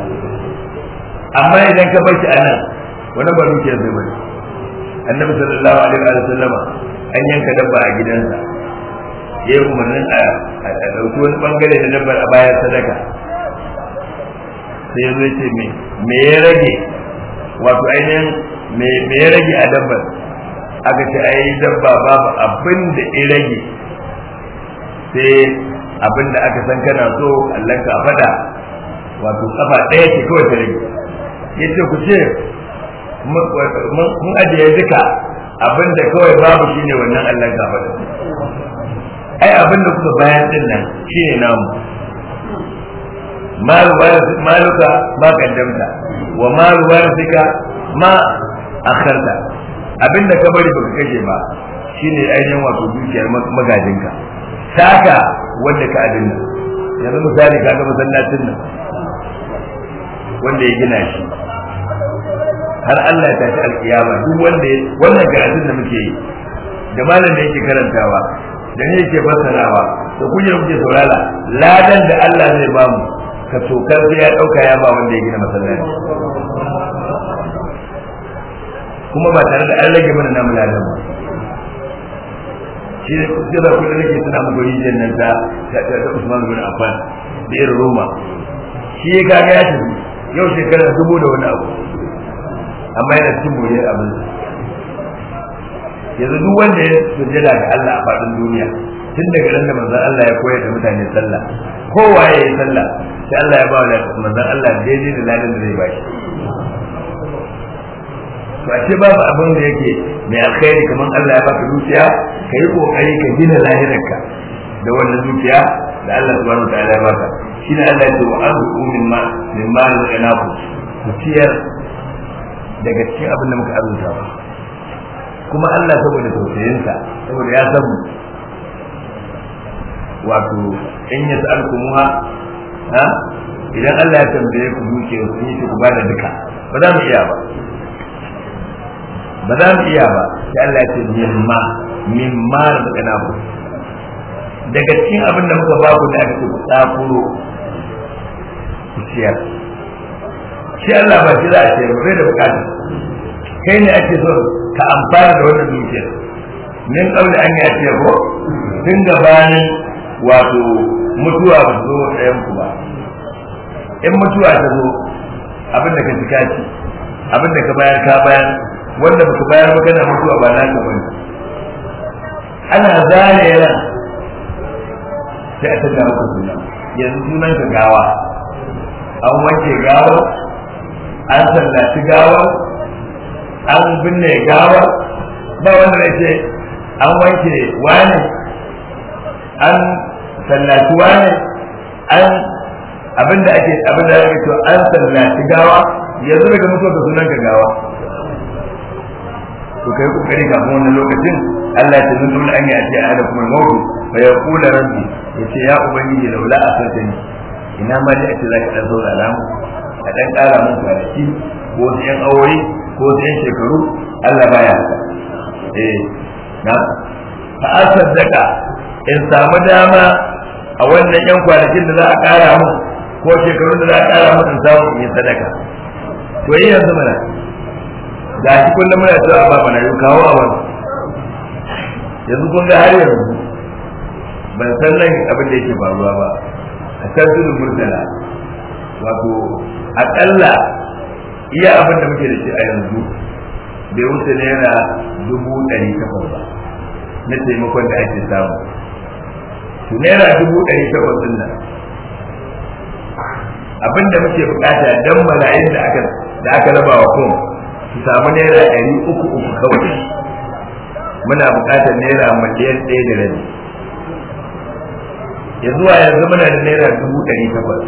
amma idan ka bar shi a nan wani ba dukiyar zai bari annabi sallallahu alaihi wa sallama an yanka dabba a gidansa ya yi umarnin a ɗauki wani bangare da dabbar a bayan sadaka sai ya ce me ya rage wato ainihin me ya rage a dabbar aka ce yi dabba babu abin da ya rage sai abin da aka san kana so Allah ka fada wato kafa ɗaya ce kawai ta rage ya ce ku ce mun ajiye duka abin da kawai babu shine wannan Allah ka fada ai abin da kuka bayan din nan shine namu maluka ma kaddamta wa ma ruwarfika ma akharta abinda ka bari baka kashe ba shine ainihin wato dukiyar magajinka saka wanda ka adinna yanzu misali ka ga masallacin nan wanda ya gina shi har Allah ya ci alkiyama duk wanda wannan karatun da muke yi da malam da yake karantawa da ne yake fassarawa da kuke muke saurara ladan da Allah zai bamu ka tokar sai ya ɗauka ya ba wanda ya gina masallaci kuma ba tare da an rage mana namu ladan ba shi da kusa da kudin rage suna mu gori nan ta ta Usman bin Affan da irin Roma shi ya kaga ya tafi yau shekarar dubu da wani abu amma yana cikin moriyar abin yanzu duk wanda ya sujjada ga Allah a faɗin duniya tun daga nan da manzon Allah ya koyar da mutane sallah kowa ya yi sallah sai Allah ya ba wa manzon Allah daidai da ladan da zai ba shi to ba babu abin da yake mai alkhairi kamar Allah ya baka zuciya ka yi kokari ka gina lahirarka da wannan zuciya da Allah subhanahu wa ta'ala ya baka shine Allah ya ce wa ma, min mimma rizqnaku ku ciyar daga cikin abin da muka arzuta kuma Allah saboda tausayinsa saboda ya san wato in ya kuma ha idan Allah ya tambaye ku duke ku yi ku bada duka ba za mu iya ba ba za mu iya ba sai Allah ya ce mimma mimma da kana ku daga cikin abin da muka ba ku da aka ku tsafuro ku ciyar shi Allah ba shi za a ciyar ba bai da bukata kai ne ake so ka amfana da wannan dukiyar min kawai an yi a ciyar ko tun gabanin wato mutuwa ba zo ɗayan ku ba in mutuwa ta zo abin da ka ci kaci abin da ka bayar ka bayar wanda baka bayar ba kana mutuwa ba na ka wani, ana zane yana sai a tada maka suna yanzu sunan ka gawa an wanke gawa an sallaci gawa an binne gawa ba wanda ya ce an wanke wani an sallatuwa ne an abinda ake abinda ake to an sallaci gawa yanzu daga mutuwa da sunan ka gawa to kai kokari kafin wannan lokacin Allah ya tuni dole an yi a a da kuma mawdu fa ya kula rabbi ya ce ya ubangiji laula a sarkani ina ma dai a ce zaka dan zaura alamu? a dan kara mun kwanaki ko wasu yan aure ko wasu yan shekaru Allah baya haka eh na fa asaddaka in samu dama a wannan yan kwanakin da za a ƙara mu ko shekarun da za a ƙara mu in samu in sadaka to yi yanzu mana ga shi kullum muna cewa ba mana yau kawo a wani yanzu kun ga har yanzu ban san nan abin da yake faruwa ba a can tudun murtala wato aƙalla iya abin da muke da shi a yanzu bai wuce yana dubu ɗari takwas ba na taimakon da ake samu to naira dubu ɗari takwas ɗin nan abinda muke bukata don mala'in da aka da aka raba wa kun su samu naira ɗari uku uku kawai muna bukatar naira miliyan ɗaya da rabi ya zuwa yanzu muna da naira dubu ɗari takwas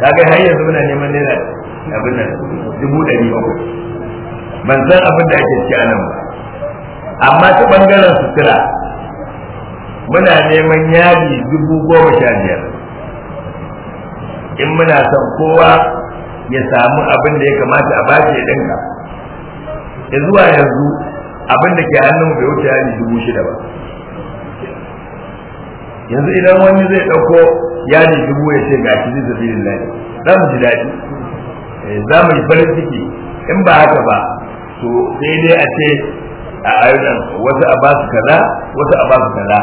kaga har yanzu muna neman naira abin nan dubu ɗari uku ban san abin da ake ciki a nan ba amma ta ɓangaren sutura muna neman yadi dubu goma sha biyar in muna son kowa ya samu abin da ya kamata a bashi ya dinka ya zuwa yanzu abin da ke hannun bai wuce yadi dubu shida ba yanzu idan wani zai ɗauko yadi dubu ya ce ga shi zai zafi lillahi za mu ji daɗi eh, za mu yi farin ciki in ba haka ba to sai dai a ce a ayyukan wasu a ba su kaza wasu a ba su kaza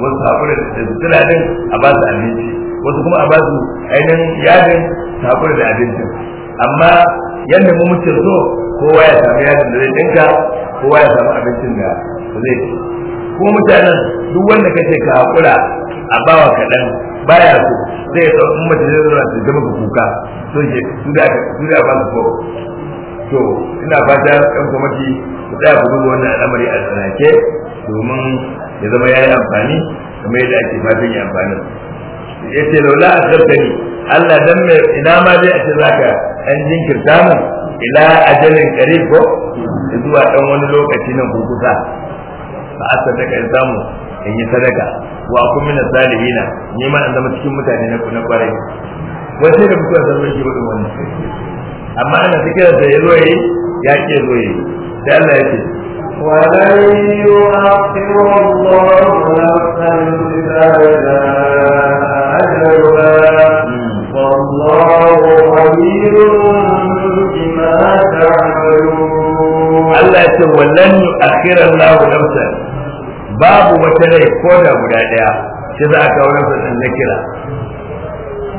wasu haƙura da sutura din a ba su abinci wasu kuma a ba su ainihin yadin su haƙura da abincin amma yadda mu muke so kowa ya samu yadin da zai dinka kowa ya samu abincin da zai ci kuma mutanen duk wanda kace ka haƙura a bawa kaɗan baya so zai sau in mace zai zauna ta zama kuka so ke su da ba su ko to ina fata ɗan kwamati ku tsaya ku duba wannan al'amari a tsanake domin ya zama ya yi amfani kamar yadda ake fatan yi amfani ya ce laula a tsarkani Allah dan mai ina ma zai a ce ka an jinkirta mu ila ajalin qarib ko zuwa dan wani lokaci nan kusa fa asadaka in samu in yi sadaka wa kuma na salihina ni ma an zama cikin mutane na kuna kwarai wai sai da mutuwa zama shi wadin wannan amma ana cikin da ya zo ya ke zo da Allah ya ce ولن يؤخر الله نفسا
إذا جاء أجلها والله خبير بما تعملون الله يقول ولن
يؤخر الله نفسا babu wata rai ko da guda ɗaya shi za a kawo nasa ɗin na kira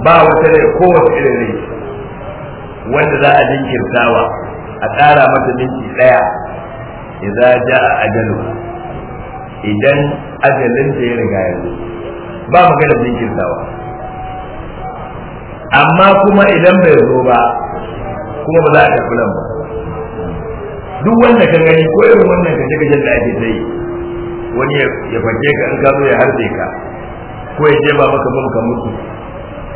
ba wata rai ko wata irin rai wanda za a jinkirtawa a ƙara masa minti ɗaya idza jaa ajalu idan ajalin da ya riga ya zo ba magana jinkirtawa amma kuma idan bai zo ba kuma ba za a tafi nan ba duk wanda ka gani ko irin wannan ka kaje da ake sai wani ya fage ka in ka ya harbe ka ko ya jeba maka bam ka mutu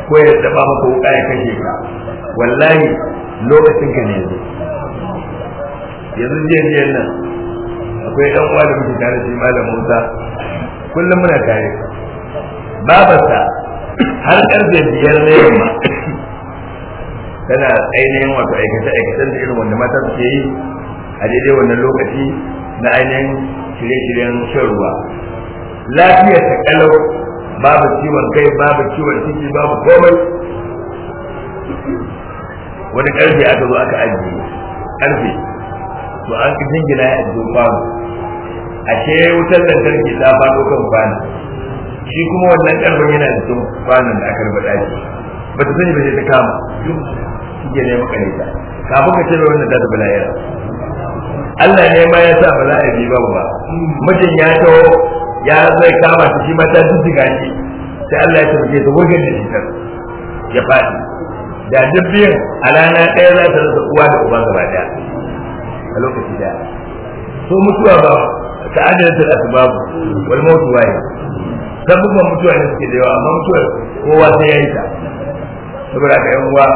ko ya daba maka wuka ya kashe ka wallahi lokacin ka ne yanzu yanzu jiya nan akwai ɗan uwa da muke tare da shi Musa kullum muna tare babarsa har karfe biyar na yamma tana ainihin wato aikace aikacen da irin wanda mata suke yi a daidai wannan lokaci na ainihin shirye-shiryen shan ruwa lafiyar ta kalau babu ciwon kai babu ciwon ciki babu komai wani karfe aka zo aka ajiye karfe to an fi jingina ya ajiyo kwano ashe wutar lantarki ta faɗo kan kwano shi kuma wannan karfin yana da cikin kwanon da aka rubuta shi ba ta sani ba zai ta kama shi ke nema kanita kafin ka ce mai wannan zata bala'ira Allah ne ma ya sa bala'i bi ba ba mutum ya taho ya zai kama shi shi ma ta diddiga shi sai Allah ya tabbata ta wajen da shi ya faɗi da dubbin a rana ɗaya za ta rasa uwa da uba gaba ɗaya a lokaci daya so mutuwa ba ta adalta da asbab wani maut wahid sabbin mutuwa ne suke da yawa amma mutuwa kowa sai yayi ta saboda haka yan uwa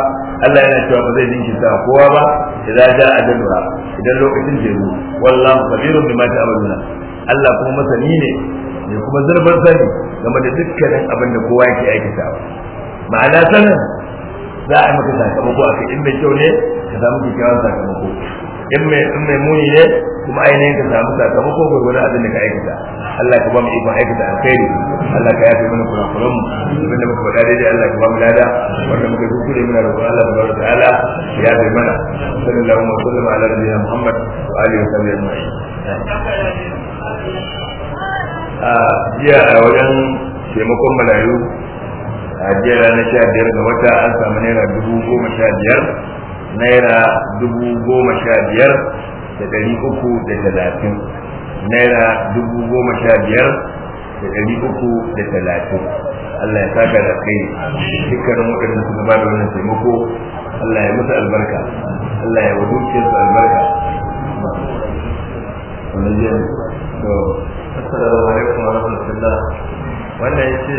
Allah yana cewa ba zai jinkirta kowa ba idan ja ajalwa idan lokacin da yazo wallahu khabirun bima ta'maluna Allah kuma masani ne ne kuma zurbar sani game da dukkanin abin da kowa yake aikatawa ma'ana sanin za a yi maka sakamako a kai in mai kyau ne ka samu kyakkyawan sakamako in mai in mai muni ne kuma ainihin ka samu sakamakon gurgurar abin da ka aikata Allah ka ba mu ikon aikata alkhairi Allah ka yafe mana kurakuran mu abin da muka faɗa daidai Allah ka ba mu lada wanda muka kuskure muna roƙon Allah subhanahu ta'ala ya yafe mana sallallahu alaihi wa sallam ala nabiyina Muhammad wa alihi wa sahbihi ajma'in a jiya a wajen taimakon malayu a jiya ranar sha biyar ga wata an samu naira dubu goma sha biyar naira dubu goma sha biyar da ɗari uku da talatin naira dubu goma sha biyar da ɗari uku da talatin Allah ya saka da kai dukkanin waɗanda suka ba da wannan taimako Allah ya musu albarka Allah ya wadurce su albarka Assalamu alaikum wa rahmatullah
wannan ya ce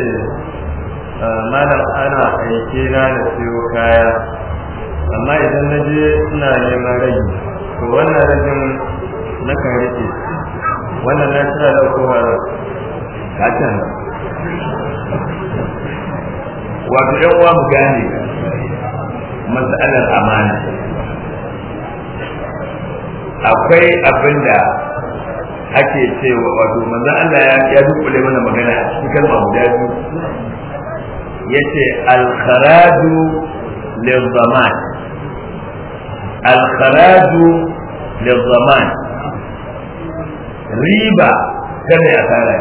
ah, malam ana aiki na da siyo kaya
amma idan na je suna neman rai to wannan rajin na kan rike wannan na tana da kowa da kacan wato yan uwa mu gane mas'alar amana akwai abin da ake cewa wato manzo Allah ya ya dukkule mana magana a cikin kalma guda biyu yace al-kharaju lil zamani alkharaju lil zaman riba ta mai asara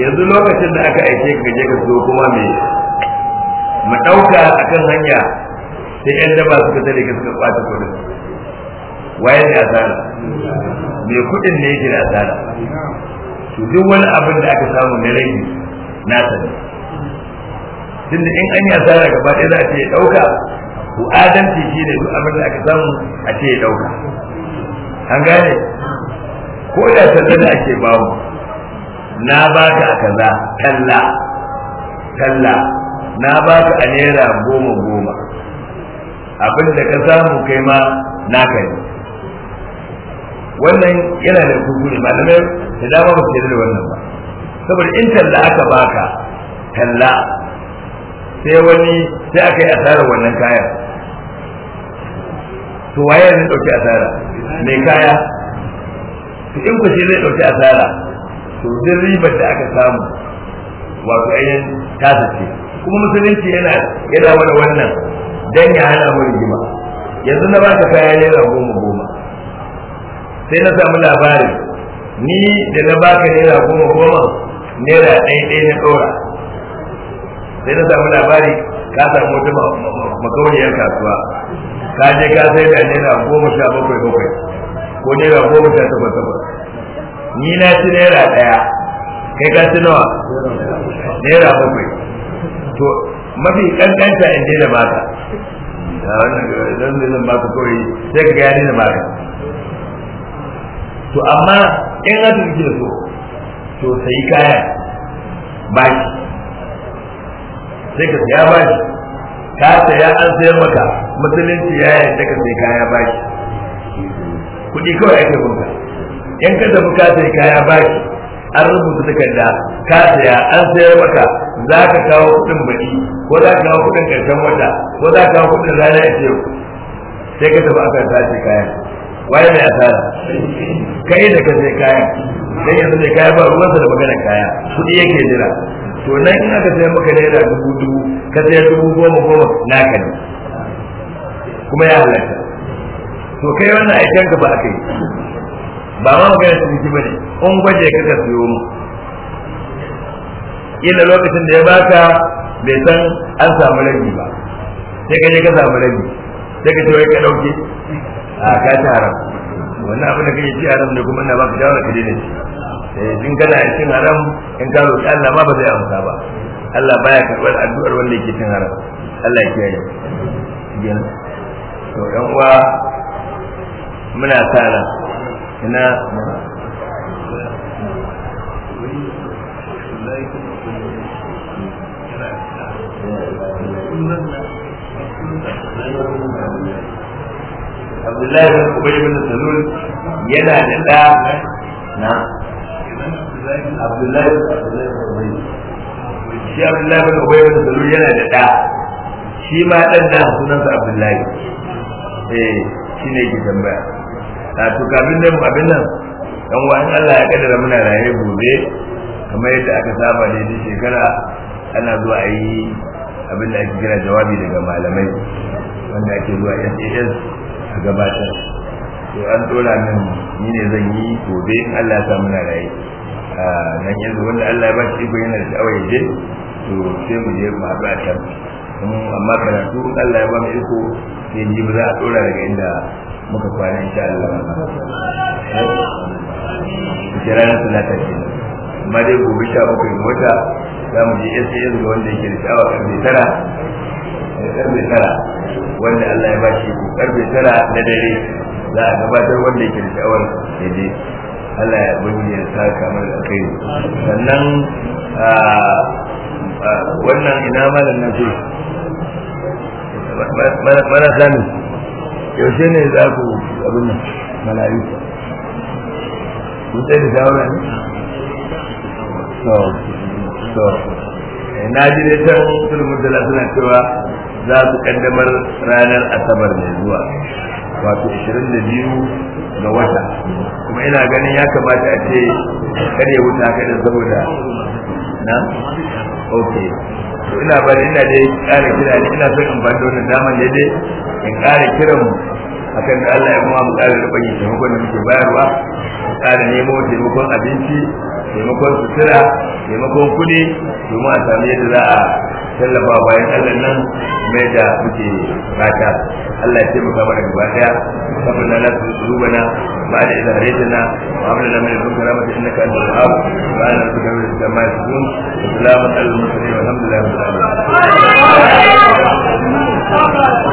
yanzu lokacin da aka aike ka je ka so kuma me mu dauka akan hanya sai yan daba suka tare ka suka kwace kudin waye ne asara me kudin ne yake da asara to duk wani abin da aka samu na rai na sani tunda in an yi asara gaba ɗaya za a ce ya ɗauka Ku adalci shi ne duk abin da aka samu a ce ya dauka an gane ko da sanda da ake bamu na ka a kaza kalla kalla na ka a naira goma goma abin da ka samu kai ma na-kai. wannan yana da kuskure malamai da dama ba su yi da wannan ba saboda in talla aka baka talla sai wani sai aka yi asarar wannan kayan to waye zai dauki asara mai kaya to in ku shi zai dauki asara to duk ribar da aka samu wato ayyan tasa ce kuma musulunci yana yana wani wannan dan ya hana mu rigima yanzu na baka kaya naira goma goma sai na samu labari ni da na baka naira goma goma naira ɗaya ɗaya na ɗora sai na samu labari ka samu wata makauniyar kasuwa ka je ka sai da naira goma sha bakwai bakwai ko naira goma sha takwas takwas ni na ci naira ɗaya kai ka ci nawa naira bakwai to mafi kankanta in da baka da wannan zan zan baka kawai sai ka ga ya daina baka to amma in haka da so to sai kaya baki sai ka ba baki ka ya an sayar maka musulunci ya yarda ka sai kaya shi kuɗi kawai ake kuka in ka tafi ka sai kaya shi an rubuta takarda ka saya an sayar maka za ka kawo kuɗin baki ko za ka kawo kuɗin ƙarshen wata ko za ka kawo kuɗin rana ya ce sai ka tafi aka sace kaya. waye mai asara kai da ka sai kaya, dan yanzu sai kaya ba ruwansa da maganar kaya kuɗi yake jira to nan ina ka sayar maka naira dubu dubu ka sayar dubu goma goma naka ne kuma ya halatta to kai wannan aikin ka ba aka yi ba ma magana ta jiki bane on gwaje ka ka siyo mu Ina lokacin da ya baka bai san an samu rabi ba sai ka je ka samu rabi sai ka ce wai ka dauke a ka ci haram wannan abin da kake ji haram ne kuma ina baka shawara ka daina ci eh, in kana cin haram in ka roki Allah ma ba zai amsa ba Allah baya karɓar addu'ar wanda yake cin haram Allah ya kiyaye to yan uwa muna tsara ina
Abdullahi bin Ubay bin Salul
yana da ɗa na Abdullahi shi Abdullahi bin Ubay bin Salul yana da ɗa shi ma ɗan da sunansa Abdullahi eh shi ne yake tambaya a ah, to da abin nan dan wani Allah ya kaddara muna raye gobe kamar yadda aka saba da yadda shekara ana zuwa a yi abin da ake kira jawabi daga malamai wanda ake zuwa SAS a gabatar to an dora min ni ne zan yi gobe in Allah ya sa muna raye a ah, nan yanzu wanda Allah ya ba shi iko yana da sha'awar je to sai mu je mu haɗu a can Mm, amma karatu Allah ya ba mu iko sai ji za a dora daga inda muka kwana insha Allah ita ranar talata ce amma dai gobe sha bakwai wata za mu je SAS ga wanda yake da sha'awa karfe tara eh, karfe tara wanda Allah ya ba shi ko karfe tara na dare za a gabatar wanda yake da sha'awar ya je Allah ya bugi ya saka da kai sannan ah, wannan ina malam na ce mana sani yaushe ne za ku abin nan malayu kun tsaye da shawara ne to to eh, na ji dai ta sulmur da suna cewa za su kaddamar ranar asabar mai zuwa wato 22 ga wata kuma ina ganin ya kamata a ce kare wuta kada saboda na okay to ina bari ina dai kare kira ne ina son in ba da wannan daman ne dai in kare kiran mu akan da Allah ya kuma mu kare da bayyana taimakon da muke bayarwa mu kare nemo taimakon abinci taimakon sutura taimakon kuɗi domin a sami yadda za a tallafa bayan Allah nan mai da muke rata Allah ya taimaka mana gaba daya kafin na nasu zubana ba da idan rejina wa abin da mai zuwa ramar da innaka annabi abu ba na zuwa da da mai sun salamun alal musulmi alhamdulillah